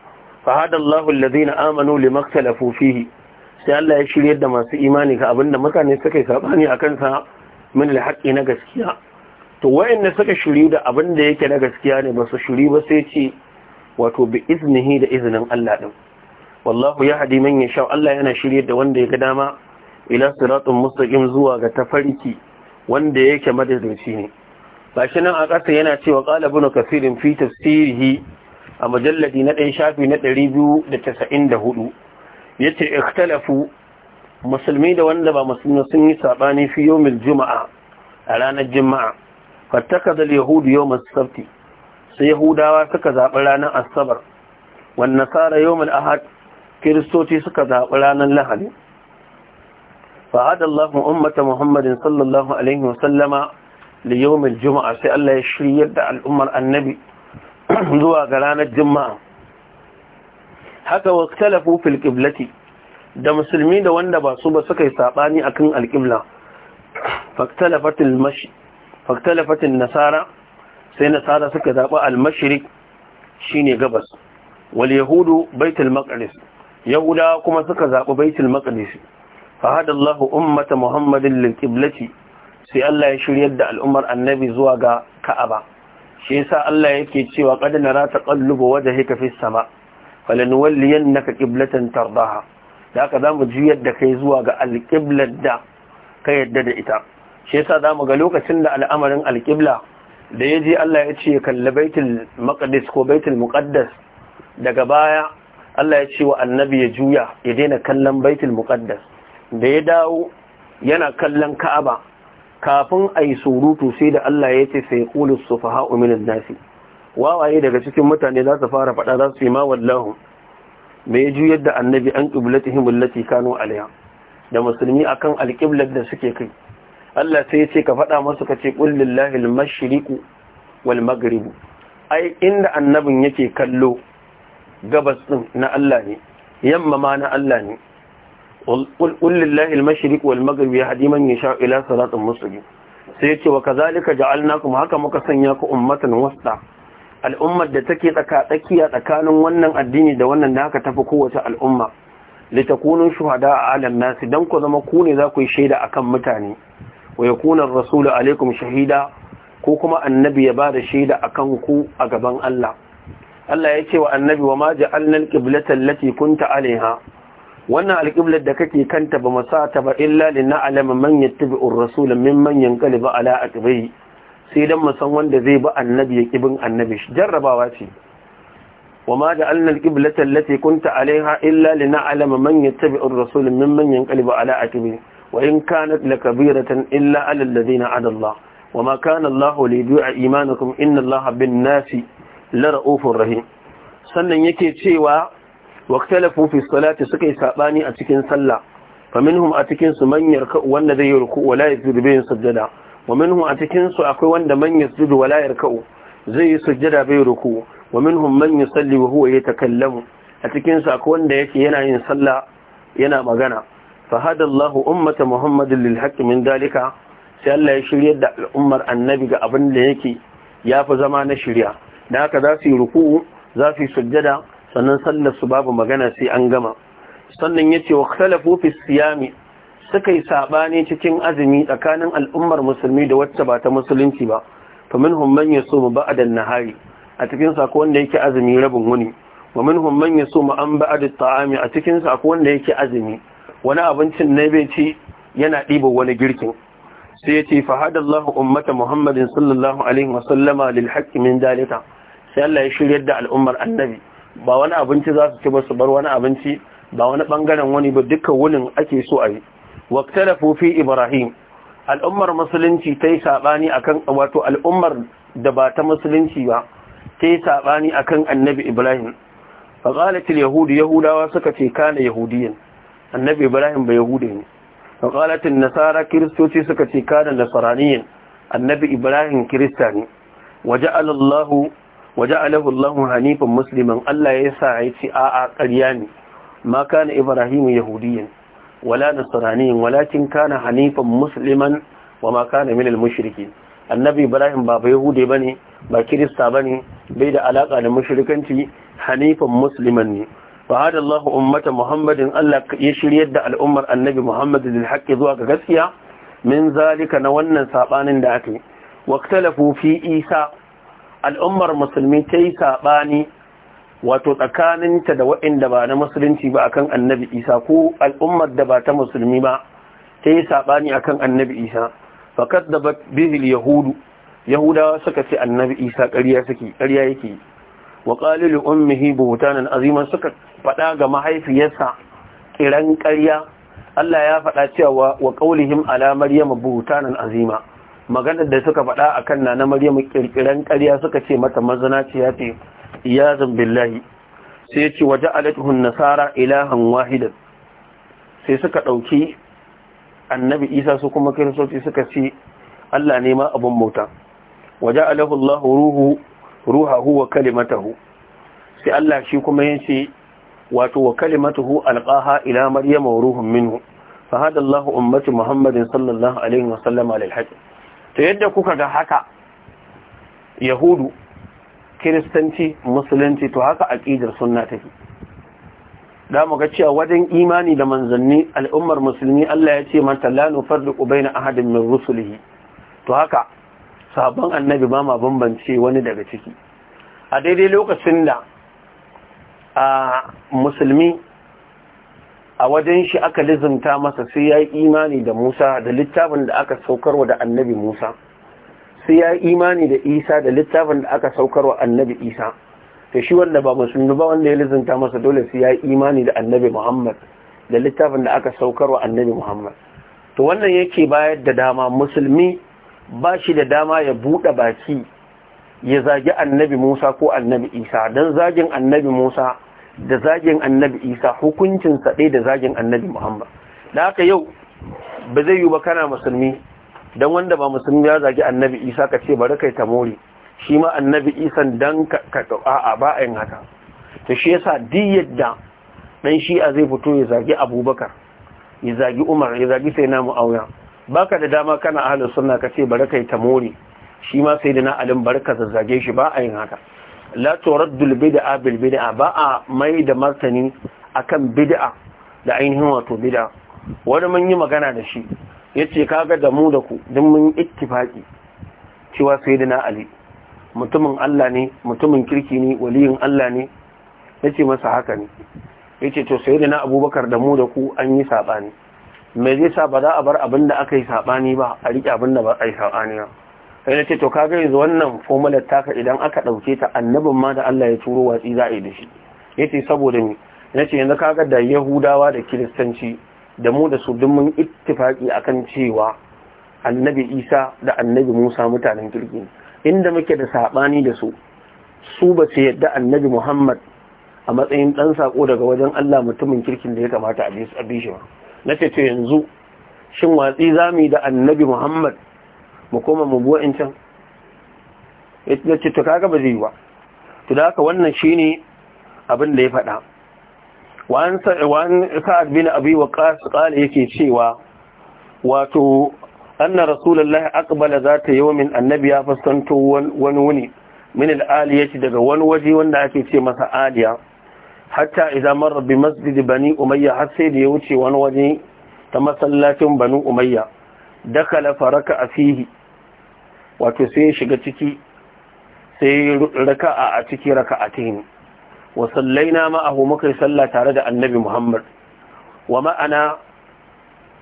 fahada Allahu alladhina amanu limaktalafu fihi sai Allah ya shirye da masu imani ga abinda mutane suka yi sabani a kansa min alhaqi na gaskiya to wayanda suka shiryu da abinda yake na gaskiya ne ba su shiri ba sai ce wato bi iznihi da izinin Allah din wallahu yahdi man yasha Allah yana shirye da wanda ya ga dama ila siratun mustaqim zuwa ga tafarki wanda yake madadinci ne shi nan a ƙasa yana cewa qala ibn kasirin fi tafsirihi a mujalladi na ɗaya shafi na ɗari biyu da casa'in da hudu ya ce ikhtalafu musulmi da wanda ba musulmi sun yi saɓani fi yomil juma'a a ranar juma'a fattaka da yahudu yomil sabti sai yahudawa suka zaɓi ranar asabar wani nasara yomil ahad kiristoci suka zaɓi ranar lahadi fa'ad Allah ummata Muhammadin sallallahu alaihi wasallama da yomil juma'a sai Allah ya shiryar da al'ummar annabi zuwa ga ranar juma'a haka waktalafu fil qiblati da musulmi da wanda ba su ba suka yi sabani akan alqibla faktalafatil mashi nasara sai nasara suka zaba al-mashriq shine gabas wal yahudu baitul maqdis yahuda kuma suka zabi baitul maqdis fa hada ummata muhammadin lil qiblati sai Allah ya shiryar da al'ummar annabi zuwa ga ka'aba shi yasa Allah yake cewa qad nara taqallubu wajhika fi sama falanuwalliyannaka qiblatan tardaha da haka zamu juyar da kai zuwa ga alqiblat da ka yadda da ita shi yasa zamu ga lokacin da al'amarin alqibla da yaji Allah ya ce kalla baitul maqdis ko baitul muqaddas daga baya Allah ya ce wa annabi ya juya ya daina kallon baitul muqaddas da ya dawo yana kallon ka'aba kafin a yi surutu sai da Allah ya ce sai ƙulis su faha uminin nasi wawaye daga cikin mutane za su fara faɗa za su yi ma wallahu mai juyar da annabi an ƙiblati allati kano alaiha da musulmi a kan alƙiblar da suke kai Allah sai ya ce ka faɗa masu ka ce ƙullin lillahi mashiriku wal ai inda annabin yake kallo gabas ɗin na Allah ne yamma ma na Allah ne qul lillahi al-mashriq wal maghrib yahdi man yasha ila siratin mustaqim sai yace wa kazalika ja'alnakum haka muka sanya ku ummatan wasta al'ummar da take tsaka tsakiya tsakanin wannan addini da wannan da haka tafi kowace al'umma litakunu shuhada a alam nasi dan ku zama ku ne za ku yi shaida akan mutane wa yakuna ar-rasulu alaikum shahida ko kuma annabi ya bada shaida akan ku a gaban Allah Allah ya ce wa annabi wa ma ja'alna al-qiblata allati kunta alaiha wannan alƙiblar da kake kanta ba masata ba illa lin na'lama man yattabi'ur rasul mimman yanqalibu ala aqbihi sai dan musan wanda zai bi annabi ya kibin annabi jarrabawa ce وما جعلنا القبلة التي كنت عليها إلا لنعلم من يتبع الرسول ممن ينقلب على عقبه وإن كانت لكبيرة إلا على الذين عدا الله وما كان الله ليبيع إيمانكم bin الله بالناس لرؤوف رحيم sannan yake cewa واختلفوا في الصلاة سكي ساباني أتكين صلى فمنهم أتكين من يركع وان ذي يركع ولا يسجد به سجدا ومنهم أتكين سأقوى وان من يسجد ولا يركع زي سجدا به ركوع ومنهم من يصلي وهو يتكلم أتكين سأقوى وان يكي ينا ينصلى ينا مغنى فهذا الله أمة محمد للحق من ذلك sai Allah ya shirya da al'ummar annabi ga abin da yake ya fi zama na shirya da haka za su yi ruku'u za su yi sujjada sannan sallar su babu magana sai an gama sannan yace wa khalafu fi siyami suka yi sabani cikin azumi tsakanin al'ummar musulmi da wacce ba ta musulunci ba faminhum man yasumu ba'da an-nahari a cikin sa wanda yake azumi rabin wuni wa minhum man yasumu an ba'da at-ta'ami a cikin sa wanda yake azumi wani abincin ne bai ci yana ɗiba wani girkin sai yace fa hadallahu ummata muhammadin sallallahu alaihi wa sallama lil haqqi min dalika sai Allah ya shiryar da al'ummar annabi ba wani abinci za su ci ba su bar wani abinci ba wani bangaren wani ba dukkan wunin ake so a yi waktalafu fi ibrahim al'ummar musulunci ta yi saɓani akan wato al'ummar da ba ta musulunci ba ta yi saɓani akan annabi ibrahim faƙalatul yahudu yahudawa suka ce kana yahudiyan annabi ibrahim ba yahudu ne faƙalatul nasara kiristoci suka ce kana nasaraniyan annabi ibrahim kirista ne waje alallahu waje alahullahu hanifin musliman Allah ya sa ya ce a'a ƙarya ne ma kana ibrahimu yahudiyan wala nasraniyin walakin kana hanifan musliman wa ma kana minal mushrikin annabi ibrahim ba ba yahude bane ba kirista bane bai da alaka da mushrikanci hanifan musliman ne fa hada Allah ummata muhammadin Allah ya shiryar da al'ummar annabi muhammad lil haqqi zuwa ga gaskiya min zalika na wannan sabanin da ake waqtalafu fi isa al'ummar musulmi ta yi saɓani wato tsakaninta da waɗanda ba na musulunci ba akan annabi isa ko al'ummar da ba ta musulmi ba ta yi saɓani akan annabi isa fakat da bihil yahudu yahudawa suka ce annabi isa ƙarya suke ƙarya yake wa qalilu ummihi buhtanan suka faɗa ga mahaifiyarsa kiran ƙarya Allah ya faɗa cewa wa ƙaulihim ala maryam buhtanan azima maganar da suka faɗa a kan nana maryamu kirkiran ƙarya suka ce mata mazanaci ya ce ya zambillahi sai ce waje alatuhun nasara ilahan wahidan sai suka ɗauki annabi isa su kuma kiristoci suka ce allah ne ma abin bauta waje alahullahu ruhu ruhahu wa kalimatahu sai allah shi kuma yin ce wato wa kalimatahu alƙaha ila maryama ruhun minhu fa hada allahu ummati muhammadin sallallahu alaihi wasallam alal haqq to yadda kuka ga haka yahudu kiristanci musulunci to haka aƙidar sunna take da mu ga cewa wajen imani da manzanni al'ummar musulmi Allah ya ce mata la nufarriqu baina ahadin min rusulihi to haka sabon annabi ba ma bambance wani daga ciki a daidai lokacin da a musulmi a wajen shi aka lizimta masa sai ya yi imani da Musa da littafin da aka saukarwa da annabi Musa sai ya yi imani da Isa da littafin da aka saukarwa annabi Isa Ta shi wanda ba musulmi ba wanda ya lizimta masa dole sai ya yi imani da annabi Muhammad da littafin da aka saukarwa annabi Muhammad to wannan yake bayar da dama musulmi ba shi da dama ya buɗe baki ya zagi annabi Musa ko annabi Isa don zagin annabi Musa da zagin annabi isa hukuncin sa da zagin annabi muhammad da haka yau ba zai yi ba kana musulmi Don wanda ba musulmi ya zagi annabi isa ka ce bari kai ta more shi ma annabi isa dan ka ɗau'a a yin haka ta shi yasa duk yadda shi shi'a zai fito ya zagi abubakar ya zagi umar ya zagi sai na Ba baka da dama kana ahalar na ka ce bari kai ta more shi ma sai da na alin barka zazzage shi ba a yin haka la turaddul bid'a bil bid'a ba a mai da martani akan bid'a da ainihin wato bid'a wani mun yi magana da shi yace kaga da mu da ku duk mun ittifaki cewa sayyidina ali mutumin Allah ne mutumin kirki ne waliyin Allah ne yace masa haka ne yace to sayyidina abubakar da mu da ku an yi sabani me zai sa ba za a bar abin da aka yi sabani ba a rike abin ba a yi sabani ba sai na ce to kaga yanzu wannan formular taka idan aka ɗauke ta annabin ma da Allah ya turo watsi za a yi da shi yace saboda ni na yanzu kaga da yahudawa da kiristanci da mu da su duk mun ittifaki akan cewa annabi isa da annabi musa mutanen kirki inda muke da sabani da su su ba su yadda annabi muhammad a matsayin dan sako daga wajen allah mutumin kirkin da ya kamata a bi shi ba nace to yanzu shin watsi zamu yi da annabi muhammad mu koma mu buwa incan ya ce kaga ba zai yi ba to da haka wannan shine abin da ya faɗa wa'an sa'ad bin abi waqas qala yake cewa wato za ta yi wa min annabi ya fuskanto wani wuni min ya ce daga wani waje wanda ake ce masa aliya hatta idan mara bi masjid bani umayya har sai da ya wuce wani waje ta masallacin bani umayya dakala faraka fihi wato sai ya shiga ciki sai raka'a a ciki raka'atayn wa sallaina ma'ahu muka yi sallah tare da annabi Muhammad wa ma'ana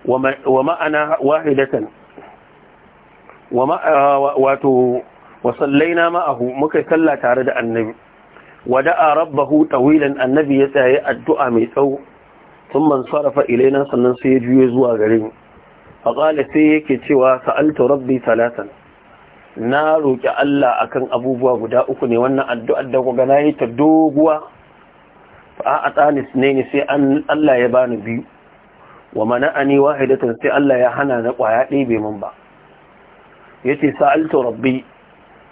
wa ma'ana wahidatan wa wato wa sallaina ma'ahu muka yi sallah tare da annabi wada'a rabbahu tawilan annabi ya tsaye addu'a mai tsawo sun man sarrafa ilaina sannan sai ya juye zuwa gare mu faqala sai yake cewa sa'altu rabbi salatan na roƙi Allah a kan abubuwa guda uku ne wannan addu'ar da ku gana yi ta doguwa a tsanis ne ne sai Allah ya bani biyu wa mana'ani wahidatan sai Allah ya hana na ƙwaya ɗebe min ba Ya yace sa'altu rabbi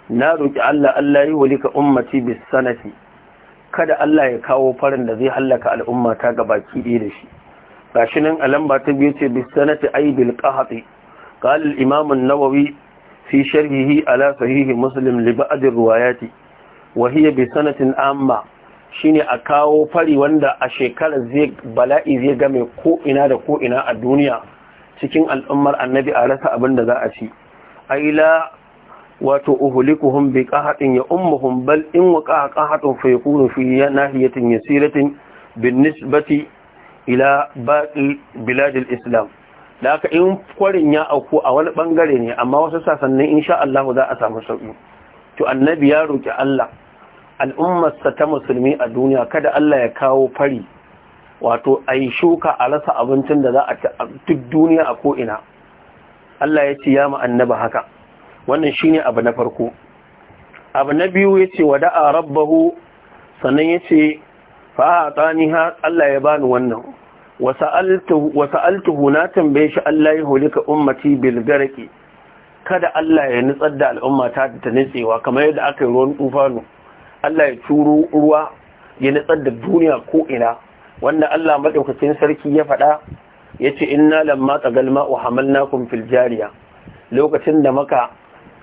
na roƙi Allah Allah yi walika ummati bis sanati kada Allah ya kawo farin da zai hallaka al'umma ta baki ɗaya da shi shi nan a lamba ta biyu ce bis sanati ai bil qahati qala al imam an-nawawi في شرحه على صحيح مسلم لبعض الروايات وهي sanatin amma shine a kawo fari wanda a shekarar zai bala'i zai game ko ina da ko ina a duniya cikin al'ummar annabi a rasa abin da za a ci aila wato uhulikuhum bi qahatin ya ummuhum bal in waqa qahatun fa yakunu fi nahiyatin yasiratin bin nisbati ila baƙi bilad islam da aka in kwarin ya auku a wani bangare ne amma wasu sasannin insha Allah za a samu sauki to annabi ya roki Allah al'ummarsa ta musulmi a duniya kada Allah ya kawo fari wato ai shuka a rasa abincin da za a duk duniya a ko'ina Allah ya ce ya ma'annaba haka wannan shine abu na farko abu na biyu ya ce wada'a rabbahu sannan ya ce fa'a ha Allah ya bani wannan wa altuhu na tambaye shi Allah ya hulika ummati bil kada Allah ya nutsar da al'ummata da ta nutsewa kamar yadda aka yi ruwan tufano Allah ya turo ruwa ya nutsar da duniya koina wanda Allah maɗaukacin sarki ya faɗa ya in inna lamma galma o hamal fil jariya lokacin da maka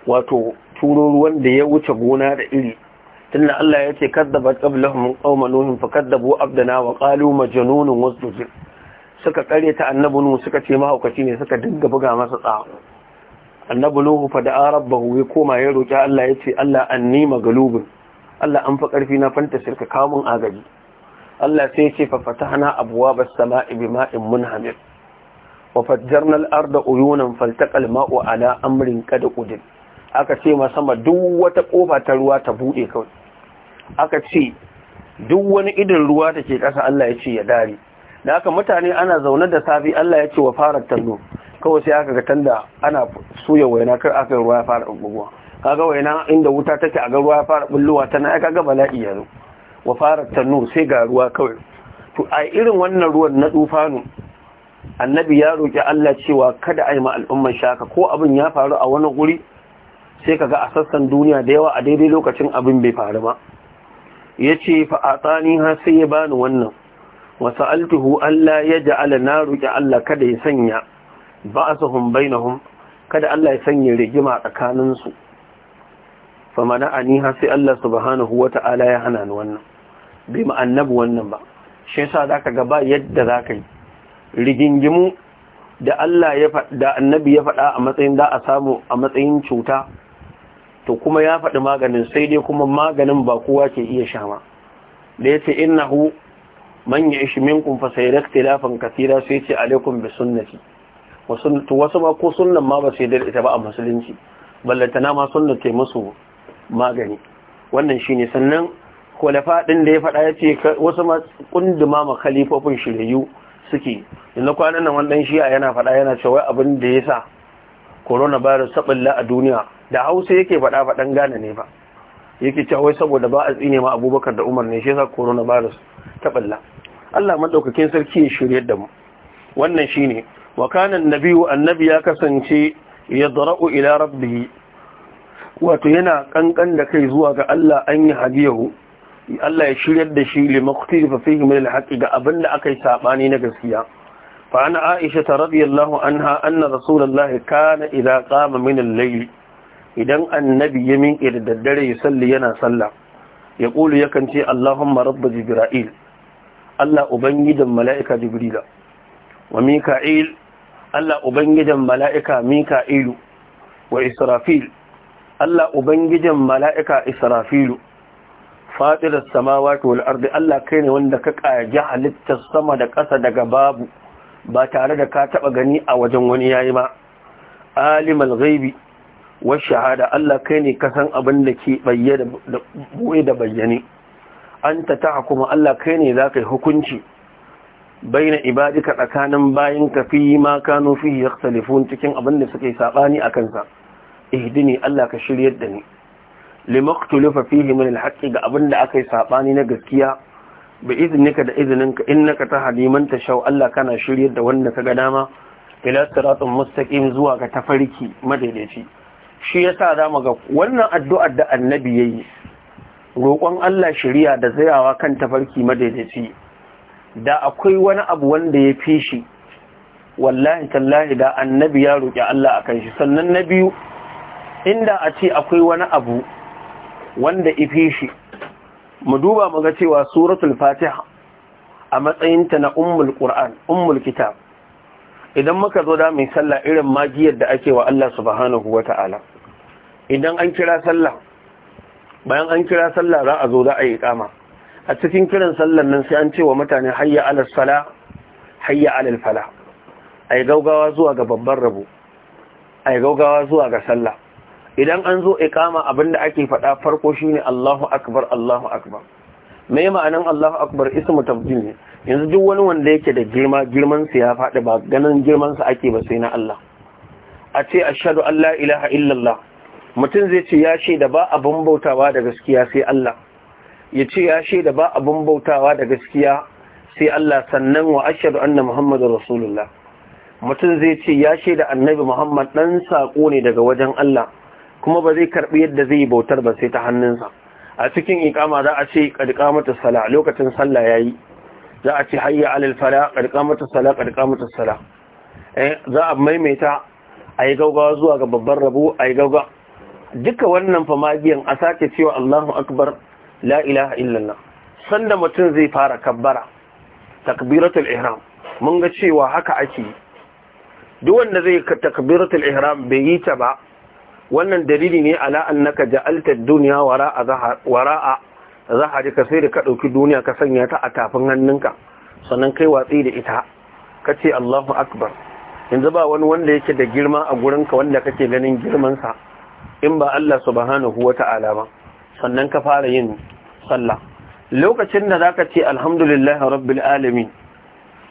wato turo ruwan da ya wuce gona da iri tunda Allah ya ce kaddaba qablahum qauma nuhin kaddabu abdana wa qalu majnunun wasdud suka kare ta annabi nuhu suka ce mahaukaci ne suka dinga buga masa tsawa annabi nuhu fa da'a rabbahu ya koma ya roki Allah ya ce Allah anni maglubun Allah an fa karfi na fanta shirka kamun agaji Allah sai ya ce fa fatahna abwaba as-sama'i bima'in munhamir wa fajjarna al-arda uyunan faltaqa al-ma'u ala amrin Kada qudin aka ce ma sama duk wata kofa ta ruwa ta bude kawai aka ce duk wani idan ruwa da ke ƙasa Allah ya ce ya dare da haka mutane ana zaune da safi Allah ya ce wa fara tallo kawai sai aka ga tanda ana suya waina kar aka ruwa ya fara buguwa kaga waina inda wuta take a ga ruwa ya fara bulluwa tana aka ga bala'i yazo wa fara tallo sai ga ruwa kawai to a irin wannan ruwan na tsufanu annabi ya roki Allah cewa kada a yi ma al'umman shaka ko abin ya faru a wani guri sai kaga a sassan duniya da yawa a daidai lokacin abin bai faru ba yace fa atani ha sai ya bani wannan Wasu wa Allah alla yaj'al na ya Allah kada ya sanya Ba a na hun, kada Allah ya sanya rigima a tsakaninsu. fa mana a ha sai Allah subhanahu wata'ala ya hana ni wannan bai ma wannan ba shi sa za ka gaba yadda za ka yi rigingimu da annabi ya faɗa a a samu a matsayin cuta to kuma ya faɗi maganin sai dai kuma maganin ba kowa ke iya sha ma da yace innahu man ya'ish minkum fa sayara lafin kathira sai ce alaikum bi sunnati wa sunnatu wasu ma ko sunnan ma ba sai da ita ba a musulunci ballantana ma sunnati musu magani wannan shine sannan kwalafa ɗin da ya faɗa ya ce wasu ma kunduma ma khalifofin shirayu suke yanzu kwanan nan dan shi'a yana faɗa yana cewa abin da ya sa. coronavirus ta a duniya da hausa yake faɗa faɗan gane ne ba yake cewa wai saboda ba a tsine ma abubakar da umar ne shi yasa coronavirus ta Allah madaukakin sarki ya shirye da mu wannan shine wa kana wa annabi ya kasance yadra'u ila rabbih wato yana kankan da kai zuwa ga Allah an yi hadiyahu Allah ya shiryar da shi li maqtir fa fihi min al-haqqi ga abinda akai sabani na gaskiya فعن عائشة رضي الله عنها أن رسول الله كان إذا قام من الليل إذن النبي يمين إرد الدر يسلي ينا صلى يقول يكنتي اللهم رب جبرائيل الله أبنجد ملائكة جبريل وميكائيل الله أبنجد ملائكة ميكائيل وإسرافيل الله أبنجد ملائكة إسرافيل فاطر السماوات والأرض الله كان وندكك أجعل السما دكاسة دكبابو ba tare da ka taba gani a wajen wani yayi ba alimul ghaibi wa shahada Allah kai ne ka san abin da ke bayyana da boye da bayyane anta tahkuma Allah kai ne zaka yi hukunci baina ibadika tsakanin bayin ka fi ma kanu fi yakhtalifun cikin abin da suke sabani akan sa ihdini Allah ka shiryar da ni limaqtulifa fihi min alhaqqi ga abin da akai sabani na gaskiya bi iznika da izininka innaka tahdi man tashau Allah kana shiryar da wanda kaga dama ila siratun mustaqim zuwa ga tafarki madaidaici shi yasa zamu ga wannan addu'ar da annabi yayi roƙon Allah shiriya da tsayawa kan tafarki madaidaici da akwai wani abu wanda ya fi shi wallahi tallahi da annabi ya roƙi Allah akan shi sannan na biyu inda a ce akwai wani abu wanda ifi shi mu duba mu ga cewa suratul fatiha a matsayinta na ummul qur'an ummul kitab idan muka zo da mai sallah irin magiyar da ake wa Allah subhanahu wata'ala idan an kira sallah bayan an kira sallah za a zo za a yi kama a cikin kiran sallan nan sai an ce wa mutane hayya alal sala hayya alal falah ay gaugawa zuwa ga babban rabo ay gaugawa zuwa ga sallah idan an zo ikama abinda ake faɗa farko shine Allahu akbar Allahu akbar me ma'anan Allahu akbar ismu tabdil ne yanzu duk wani wanda yake da girma girman sa ya faɗi ba ganin girman sa ake ba sai na Allah a ce ashhadu an la ilaha illallah mutum zai ce ya da ba abun bautawa da gaskiya sai Allah ya ce ya da ba abun bautawa da gaskiya sai Allah sannan wa ashhadu anna muhammadar rasulullah mutum zai ce ya da annabi muhammad dan sako ne daga wajen Allah kuma ba zai karbi yadda zai bautar ba sai ta hannunsa a cikin ikama, za a ce qad qamata lokacin sallah yayi za a ce hayya alal fala qad qamata sala eh za a maimaita ayi gaugawa zuwa ga babban rabo ayi gauga duka wannan famagiyan magiyan a sake cewa Allahu akbar la ilaha illallah sanda mutum zai fara kabbara takbiratul ihram mun ga cewa haka ake duk wanda zai takbiratul ihram bai yi ta ba wannan dalili ne ala annaka ja'alta ad-dunya wara'a wara'a Ka sai da ka dauki duniya ka sanya ta a tafin hannunka sannan kai watsi da ita kace Allahu akbar yanzu ba wani wanda yake da girma a gurinka wanda kake ganin girman sa in ba Allah subhanahu wata'ala ba sannan ka fara yin sallah lokacin da zaka ce alhamdulillahi rabbil alamin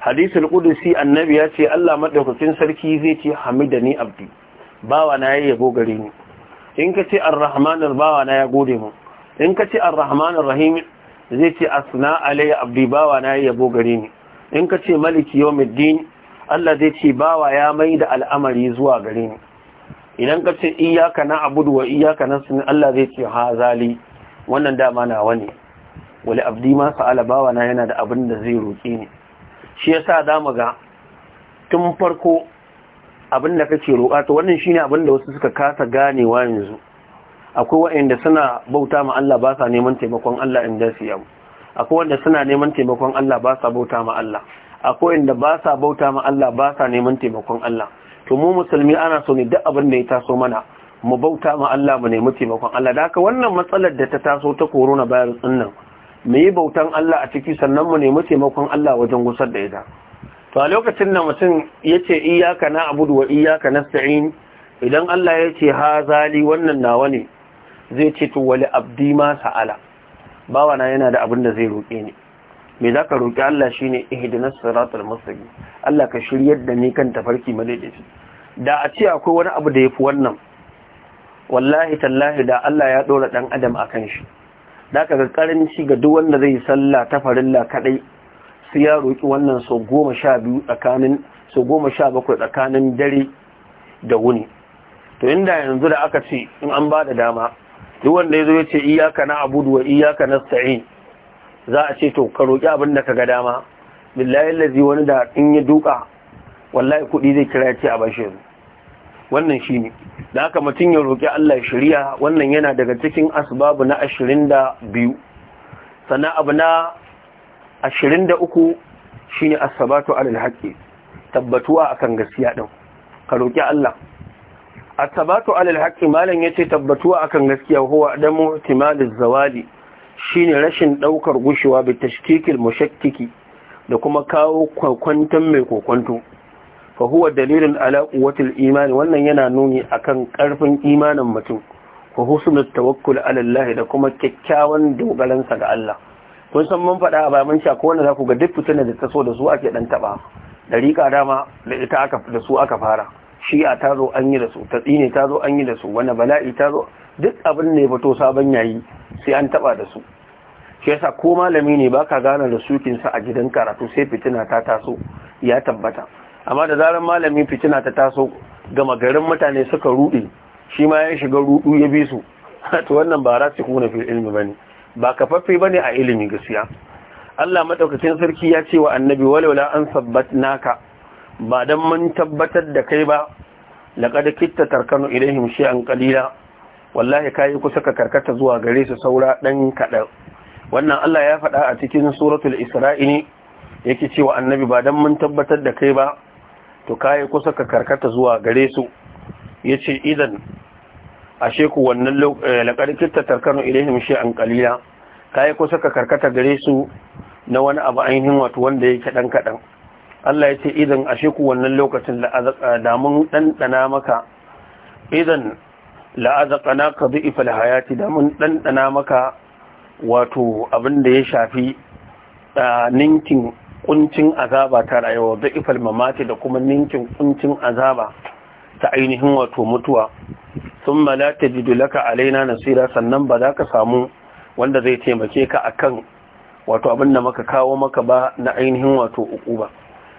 hadisul qudsi annabi ya ce Allah madaukakin sarki zai ce hamidani abdi bawa na yi yabo gare mu in ka ce ar bawa na ya gode mu in ka ce ar rahim zai ce asna alayya abdi bawa na yi yabo gare ni in ka ce maliki yawmiddin Allah zai ce bawa ya mai da al'amari zuwa gare ni idan ka ce iyyaka na'budu wa iyyaka nasta'in Allah zai ce zali, wannan dama na wani wali abdi ma sa'ala bawa na yana da abin da zai roke ni shi yasa zamu ga tun farko abin da kake roƙa to wannan shine abin da wasu suka kasa ganewa yanzu akwai waɗanda suna bauta ma Allah ba sa neman taimakon Allah in da su yamu akwai wanda suna neman taimakon Allah ba sa bauta ma Allah akwai wanda ba sa bauta ma Allah ba sa neman taimakon Allah to mu musulmi ana so ne duk abin da ya taso mana mu bauta ma Allah mu nemi taimakon Allah da haka wannan matsalar da ta taso ta corona virus din nan mu yi bautan Allah a ciki sannan mu nemi taimakon Allah wajen gusar da ita to lokacin da mutum ya ce iyaka na abudu wa iyaka na sa'in idan Allah ya ce ha zali wannan nawa ne zai ce to wali abdi ma sa'ala bawa na yana da abin da zai roƙe ni me za ka roƙi Allah shi ne ihdinas siratal mustaqim Allah ka shiryar da ni kan tafarki madaidaici da a ce akwai wani abu da yafi wannan wallahi tallahi da Allah ya dora ɗan adam a kan shi da ka ga karanci ga duk wanda zai sallah ta farilla kaɗai. sai ya roƙi wannan sau goma sha biyu tsakanin sau goma sha bakwai tsakanin dare da wuni to inda yanzu da aka ce in an ba da dama duk wanda ya zo ya ce iyaka na abudu wa iyaka na sa'i za a ce to ka roƙi abin da ka ga dama billahi lazi wani da in ya duka wallahi kuɗi zai kira ya ce a bashi wannan shi ne da aka mutum ya roƙi Allah shirya wannan yana daga cikin asbabu na ashirin da biyu sannan abu na ashirin da uku shi ne asabatu alal haƙƙi tabbatuwa kan gaskiya ɗin ka roƙi Allah asabatu alal haƙƙi malam ya ce tabbatuwa a kan gaskiya huwa ɗan timalin zawali shi ne rashin ɗaukar gushewa bi tashkikin mashakkiki da kuma kawo kwakwanton mai kwakwanto fa huwa dalilin alaƙu imani wannan yana nuni kan ƙarfin imanin mutum ka husnul tawakkul alallahi da kuma kyakkyawan dogaransa ga Allah kun san mun faɗa a bayan sha ko wanda za ku ga duk fitina da ta so da su ake dan taba dariƙa dama da ita aka da su aka fara shi'a ta zo an yi da su tsine ta zo an yi da su wani bala'i ta zo duk abin da ya fito sabon yayi sai an taba da su shi yasa ko malami ne baka gane da sukinsa a gidan karatu sai fitina ta taso ya tabbata amma da zarar malami fitina ta taso gama garin mutane suka rude shi ma ya shiga rudu ya bi su to wannan ba su ra kuna fil ilmi bane ba kafaffe ba ne a ilimi gaskiya Allah maɗaukacin sarki ya ce wa annabi walaula an naka, ba don mun tabbatar da kai ba laƙada kitta tarkanu ilaihim an ƙalila wallahi yi kusa ka karkata zuwa gare su saura ɗan kaɗa wannan Allah ya faɗa a cikin suratul isra'ini yake wa annabi ba don mun tabbatar da kai ba to yi kusa ka karkata zuwa gare su ya ce idan ashe ku wannan eh, laƙar kittatar kano ilaihim shi an kalila ka yi kusa ka karkata gare su na wani abu ainihin wato wanda yake ɗan kaɗan Allah ya ce idan ashe ku wannan lokacin eh, damun ɗanɗana maka idan la'azakana ka zai ifal hayati damun ɗanɗana maka wato abin da ya shafi eh, ninkin kuncin azaba ta rayuwa zai ifal mamati da kuma ninkin kuncin azaba ta ainihin wato mutuwa sun malata tajidu laka alaina nasira sannan ba za ka samu wanda zai taimake ka akan wato abin da maka kawo maka ba na ainihin wato uku ba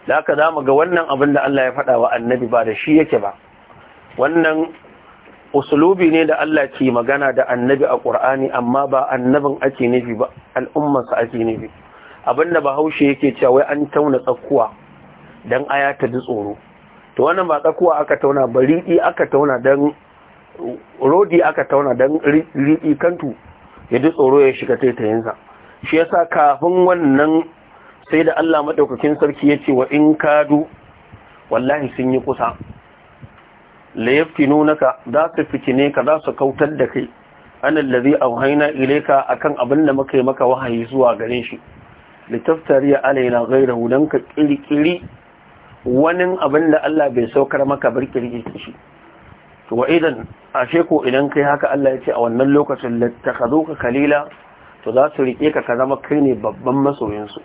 da aka za ga wannan abin da Allah ya faɗa wa annabi ba da shi yake ba wannan usulubi ne da Allah ke magana da annabi a ƙur'ani amma ba annabin ake nufi ba al'ummarsa ake nufi abin da bahaushe yake cewa wai an tauna tsakkuwa don aya ta ji tsoro to wannan ba tsakuwa aka tauna ba riɗi aka tauna don rodi aka tauna don riɗi kantu ya ji tsoro ya shiga taitayinsa shi ya sa kafin wannan sai da Allah maɗaukakin sarki ya ce wa in kadu wallahi sun yi kusa nuna naka za su fitine ka za su kautar da kai an allazi auhayna a kan abin da muka yi maka wahayi zuwa gare shi alayana alaina rahu don ka ƙirƙiri wani abin da Allah bai saukar maka birkirgi shi to wa idan ashe ko idan kai haka Allah ya ce a wannan lokacin ka kalila to za su rike ka ka zama kai ne babban masoyinsu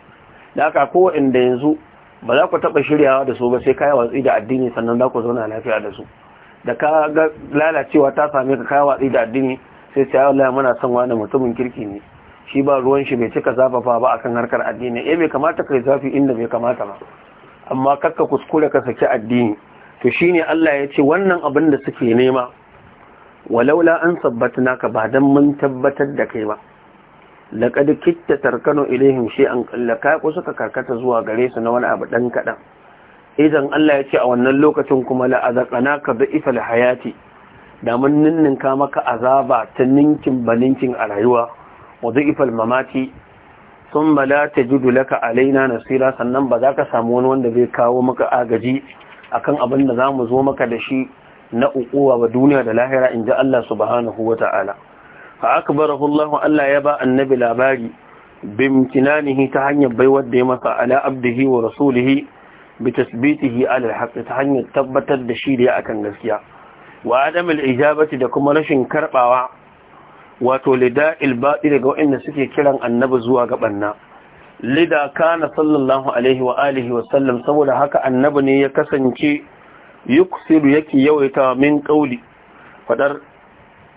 da haka ko inda yanzu ba za ku taɓa shiryawa da su ba sai kaya watsi da addini sannan za ku zauna lafiya da su da ka lalacewa ta same ka kaya watsi da addini sai sai Allah muna son wani mutumin kirki ne shi ba ruwan shi bai cika zafafa ba akan harkar addini eh bai kamata kai zafi inda bai kamata ba amma kakka kuskure ka saki addini to shine Allah ya ce wannan abin da suke nema walaula an sabbatnaka ba dan mun tabbatar da kai ba laqad kitta tarkanu ilaihim shay'an laka ko suka karkata zuwa gare su na wani abu dan kadan idan Allah ya ce a wannan lokacin kuma la azqanaka bi'sal hayati da mun ninninka maka azaba ta ninkin baninkin a rayuwa wa bi'sal mamati sun la tajidu laka alaina nasira sannan ba za ka samu wani wanda zai kawo maka agaji akan abin da za mu zo maka da shi na ukuwa ba duniya da lahira in ji Allah subhanahu wata'ala aka bar Allah Allah ya ba annabi labari bimtinanihi ta hanyar baiwar da ya masa ala abdihi wa rasulihi bi tasbitihi ala alhaq ta hanyar tabbatar da shi da akan gaskiya wa adam al-ijabati da kuma rashin karɓawa. wato lida ilbaɗi daga waɗanda suke kiran annabi zuwa gaɓanna. lida kana sallallahu alaihi wa alihi wa saboda haka annabi ne ya kasance yuksiru yake yawaita min ƙauli faɗar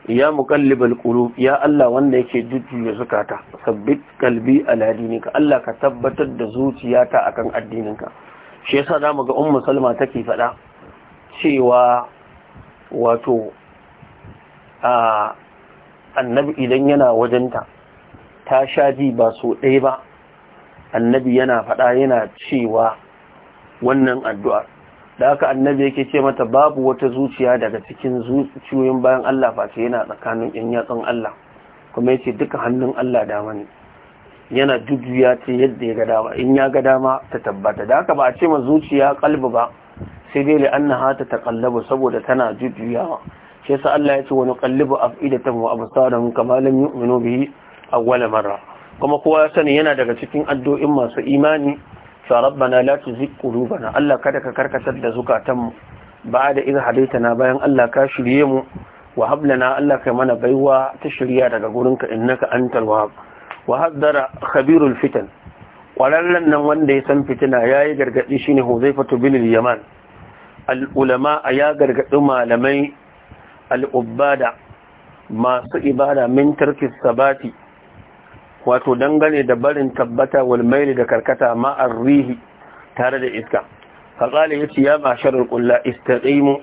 ya muqallibal qulub ya Allah wanda yake jujjuya zukata sabbit kalbi ala dinika Allah ka tabbatar da zuciyata akan addininka shi yasa zamu ga ummu salma take faɗa cewa wato a annabi idan yana wajenta ta sha ji ba so ɗaya ba annabi yana faɗa yana cewa wannan addu'a da aka annabi yake ce mata babu wata zuciya daga cikin zuciyoyin bayan Allah face yana tsakanin yan yatsun Allah kuma yace duka hannun Allah dama ne yana jujjuya ta yadda ya ga dama in ya ga dama ta tabbata da aka ba a ce ma zuciya kalbi ba sai dai li annaha ta taqallabu saboda tana jujjuyawa shi yasa Allah ya ce wani kallibu afidatahum wa absarahum kama lam yu'minu bihi awwala marra kuma kowa ya sani yana daga cikin addu'o'in masu imani fa rabbana la tuzigh qulubana Allah kada ka karkatar da zukatanmu ba'da idh na bayan Allah ka shirye mu wa hab lana Allah kai mana baiwa ta shirya daga gurinka innaka antal wahhab wa haddara khabirul fitan kwararren nan wanda ya san fitina ya yi gargaɗi shine huzaifatu bin yaman al'ulama a ya gargaɗi malamai al'ubbada masu ibada min tarki sabati wato dangane da barin tabbata wal da karkata ma'ar rihi tare da iska faƙali ya ce ya masharar kulla istaɗaimu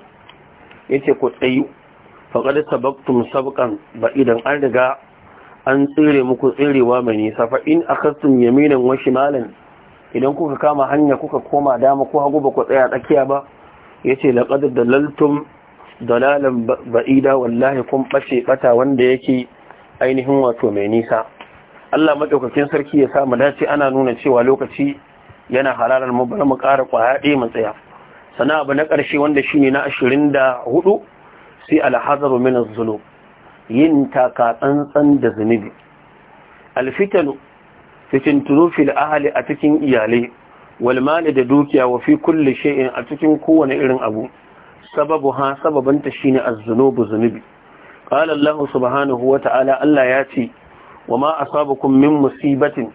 ya ce ku tsayu faƙali sabaktun sabkan ba idan an riga an tsere muku tserewa mai nisa a a akastum yaminan washi malin idan kuka kama hanya kuka koma dama ko hagu ba ku tsaya tsakiya ba ya ce laƙadar da laltun. dalalan ba'ida wallahi kun bace bata wanda yake ainihin wato mai nisa Allah madaukakin sarki ya sa mu dace ana nuna cewa lokaci yana halalar mu bari mu ƙara kwaya ɗaya mu tsaya sana abu na ƙarshe wanda shine na 24 sai alhazaru min az yin taka tsantsan da zunubi alfitanu fitintunu fil ahli a cikin iyalai wal da dukiya wa fi kulli shay'in a cikin kowane irin abu sababu ha sababanta shine az-zunubu zunubi qala Allah subhanahu wa ta'ala Allah ya ce wa ma asabakum min musibatin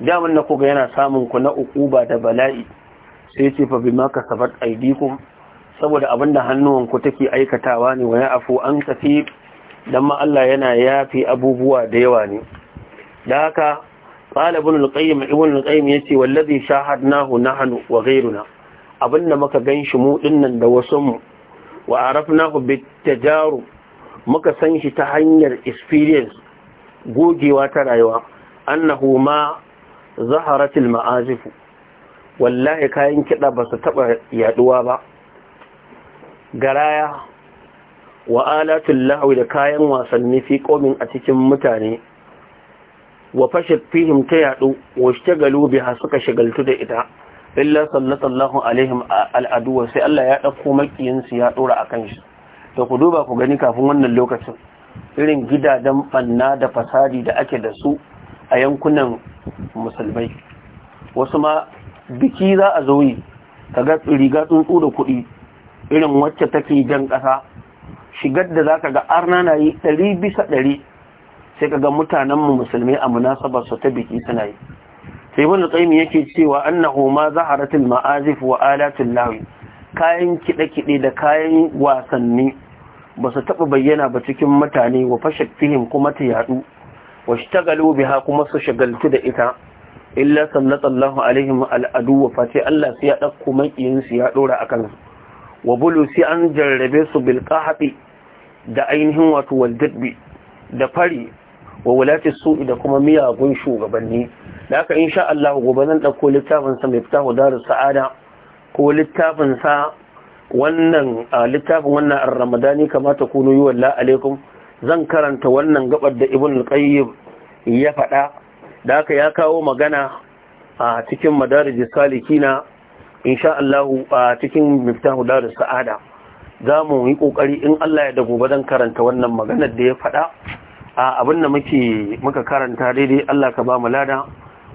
daman na kuga yana samun ku na ukuba da bala'i sai ce fa bima kasabat aydikum saboda abinda hannuwanku take aikatawa ne wa afu an kafi dan ma Allah yana yafi abubuwa da yawa ne da haka qala ibn al-qayyim ibn al-qayyim yace wallazi shahadnahu nahnu wa ghayruna abinda muka ganshi mu dinnan da wasu mu wa arafnahu tajaru muka san shi ta hanyar experience gogewa ta rayuwa annahu ma zaharatil ma'azif wallahi kayan kida ba su taba yaduwa ba garaya wa alatul lahwi da kayan wasanni fi qomin a cikin mutane wa fashat fihim ta yadu wa shagalu biha suka shagaltu da ita illa sallallahu alaihim wa sai Allah ya ɗauko makiyansu ya ɗora a shi to ku duba ku gani kafin wannan lokacin irin gidajen banna da fasadi da ake da su a yankunan musulmai wasu ma biki za a zo yi ga riga tsuntsu da kuɗi irin wacce take jan ƙasa shigar da za ka ga arna na yi ɗari bisa ɗari sai ka ga mutanenmu musulmi a munasabar su ta biki suna yi sai wani tsaimi yake cewa annahu ma zaharatul ma'azif wa alatul lahwi kayan kiɗe-kiɗe da kayan wasanni ba su taɓa bayyana ba cikin mutane wa fashe fihim kuma ta yaɗu wa shtagalu biha kuma su shagaltu da ita illa sallallahu alaihim al'adu wa fati Allah sai ya ɗauko maƙiyinsu ya ɗora akan wa bulu sai an jarrabe su bil da ainihin wato wal da fari wa wulati su'i da kuma miyagun shugabanni da aka insha Allah gobe zan dauko littafin sa mai fitahu darus sa'ada ko littafin sa wannan littafin wannan ar-ramadani kamata kunu yi walla alaikum zan karanta wannan gabar da ibn al-qayyim ya faɗa da aka ya kawo magana a cikin madarij salikina insha Allah a cikin miftahu darus sa'ada za yi kokari in Allah ya da gobe zan karanta wannan maganar da ya faɗa a abin da muke muka karanta daidai Allah ka ba mu lada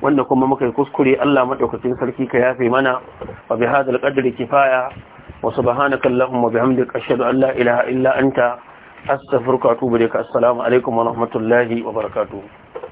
wanda kuma muka yi kuskure Allah madaukakin sarki ka yafe mana wa bi hadal qadri kifaya wa subhanaka allahumma bihamdika ashhadu an la ilaha illa anta astaghfiruka wa atubu ilaik assalamu alaikum wa rahmatullahi wa barakatuh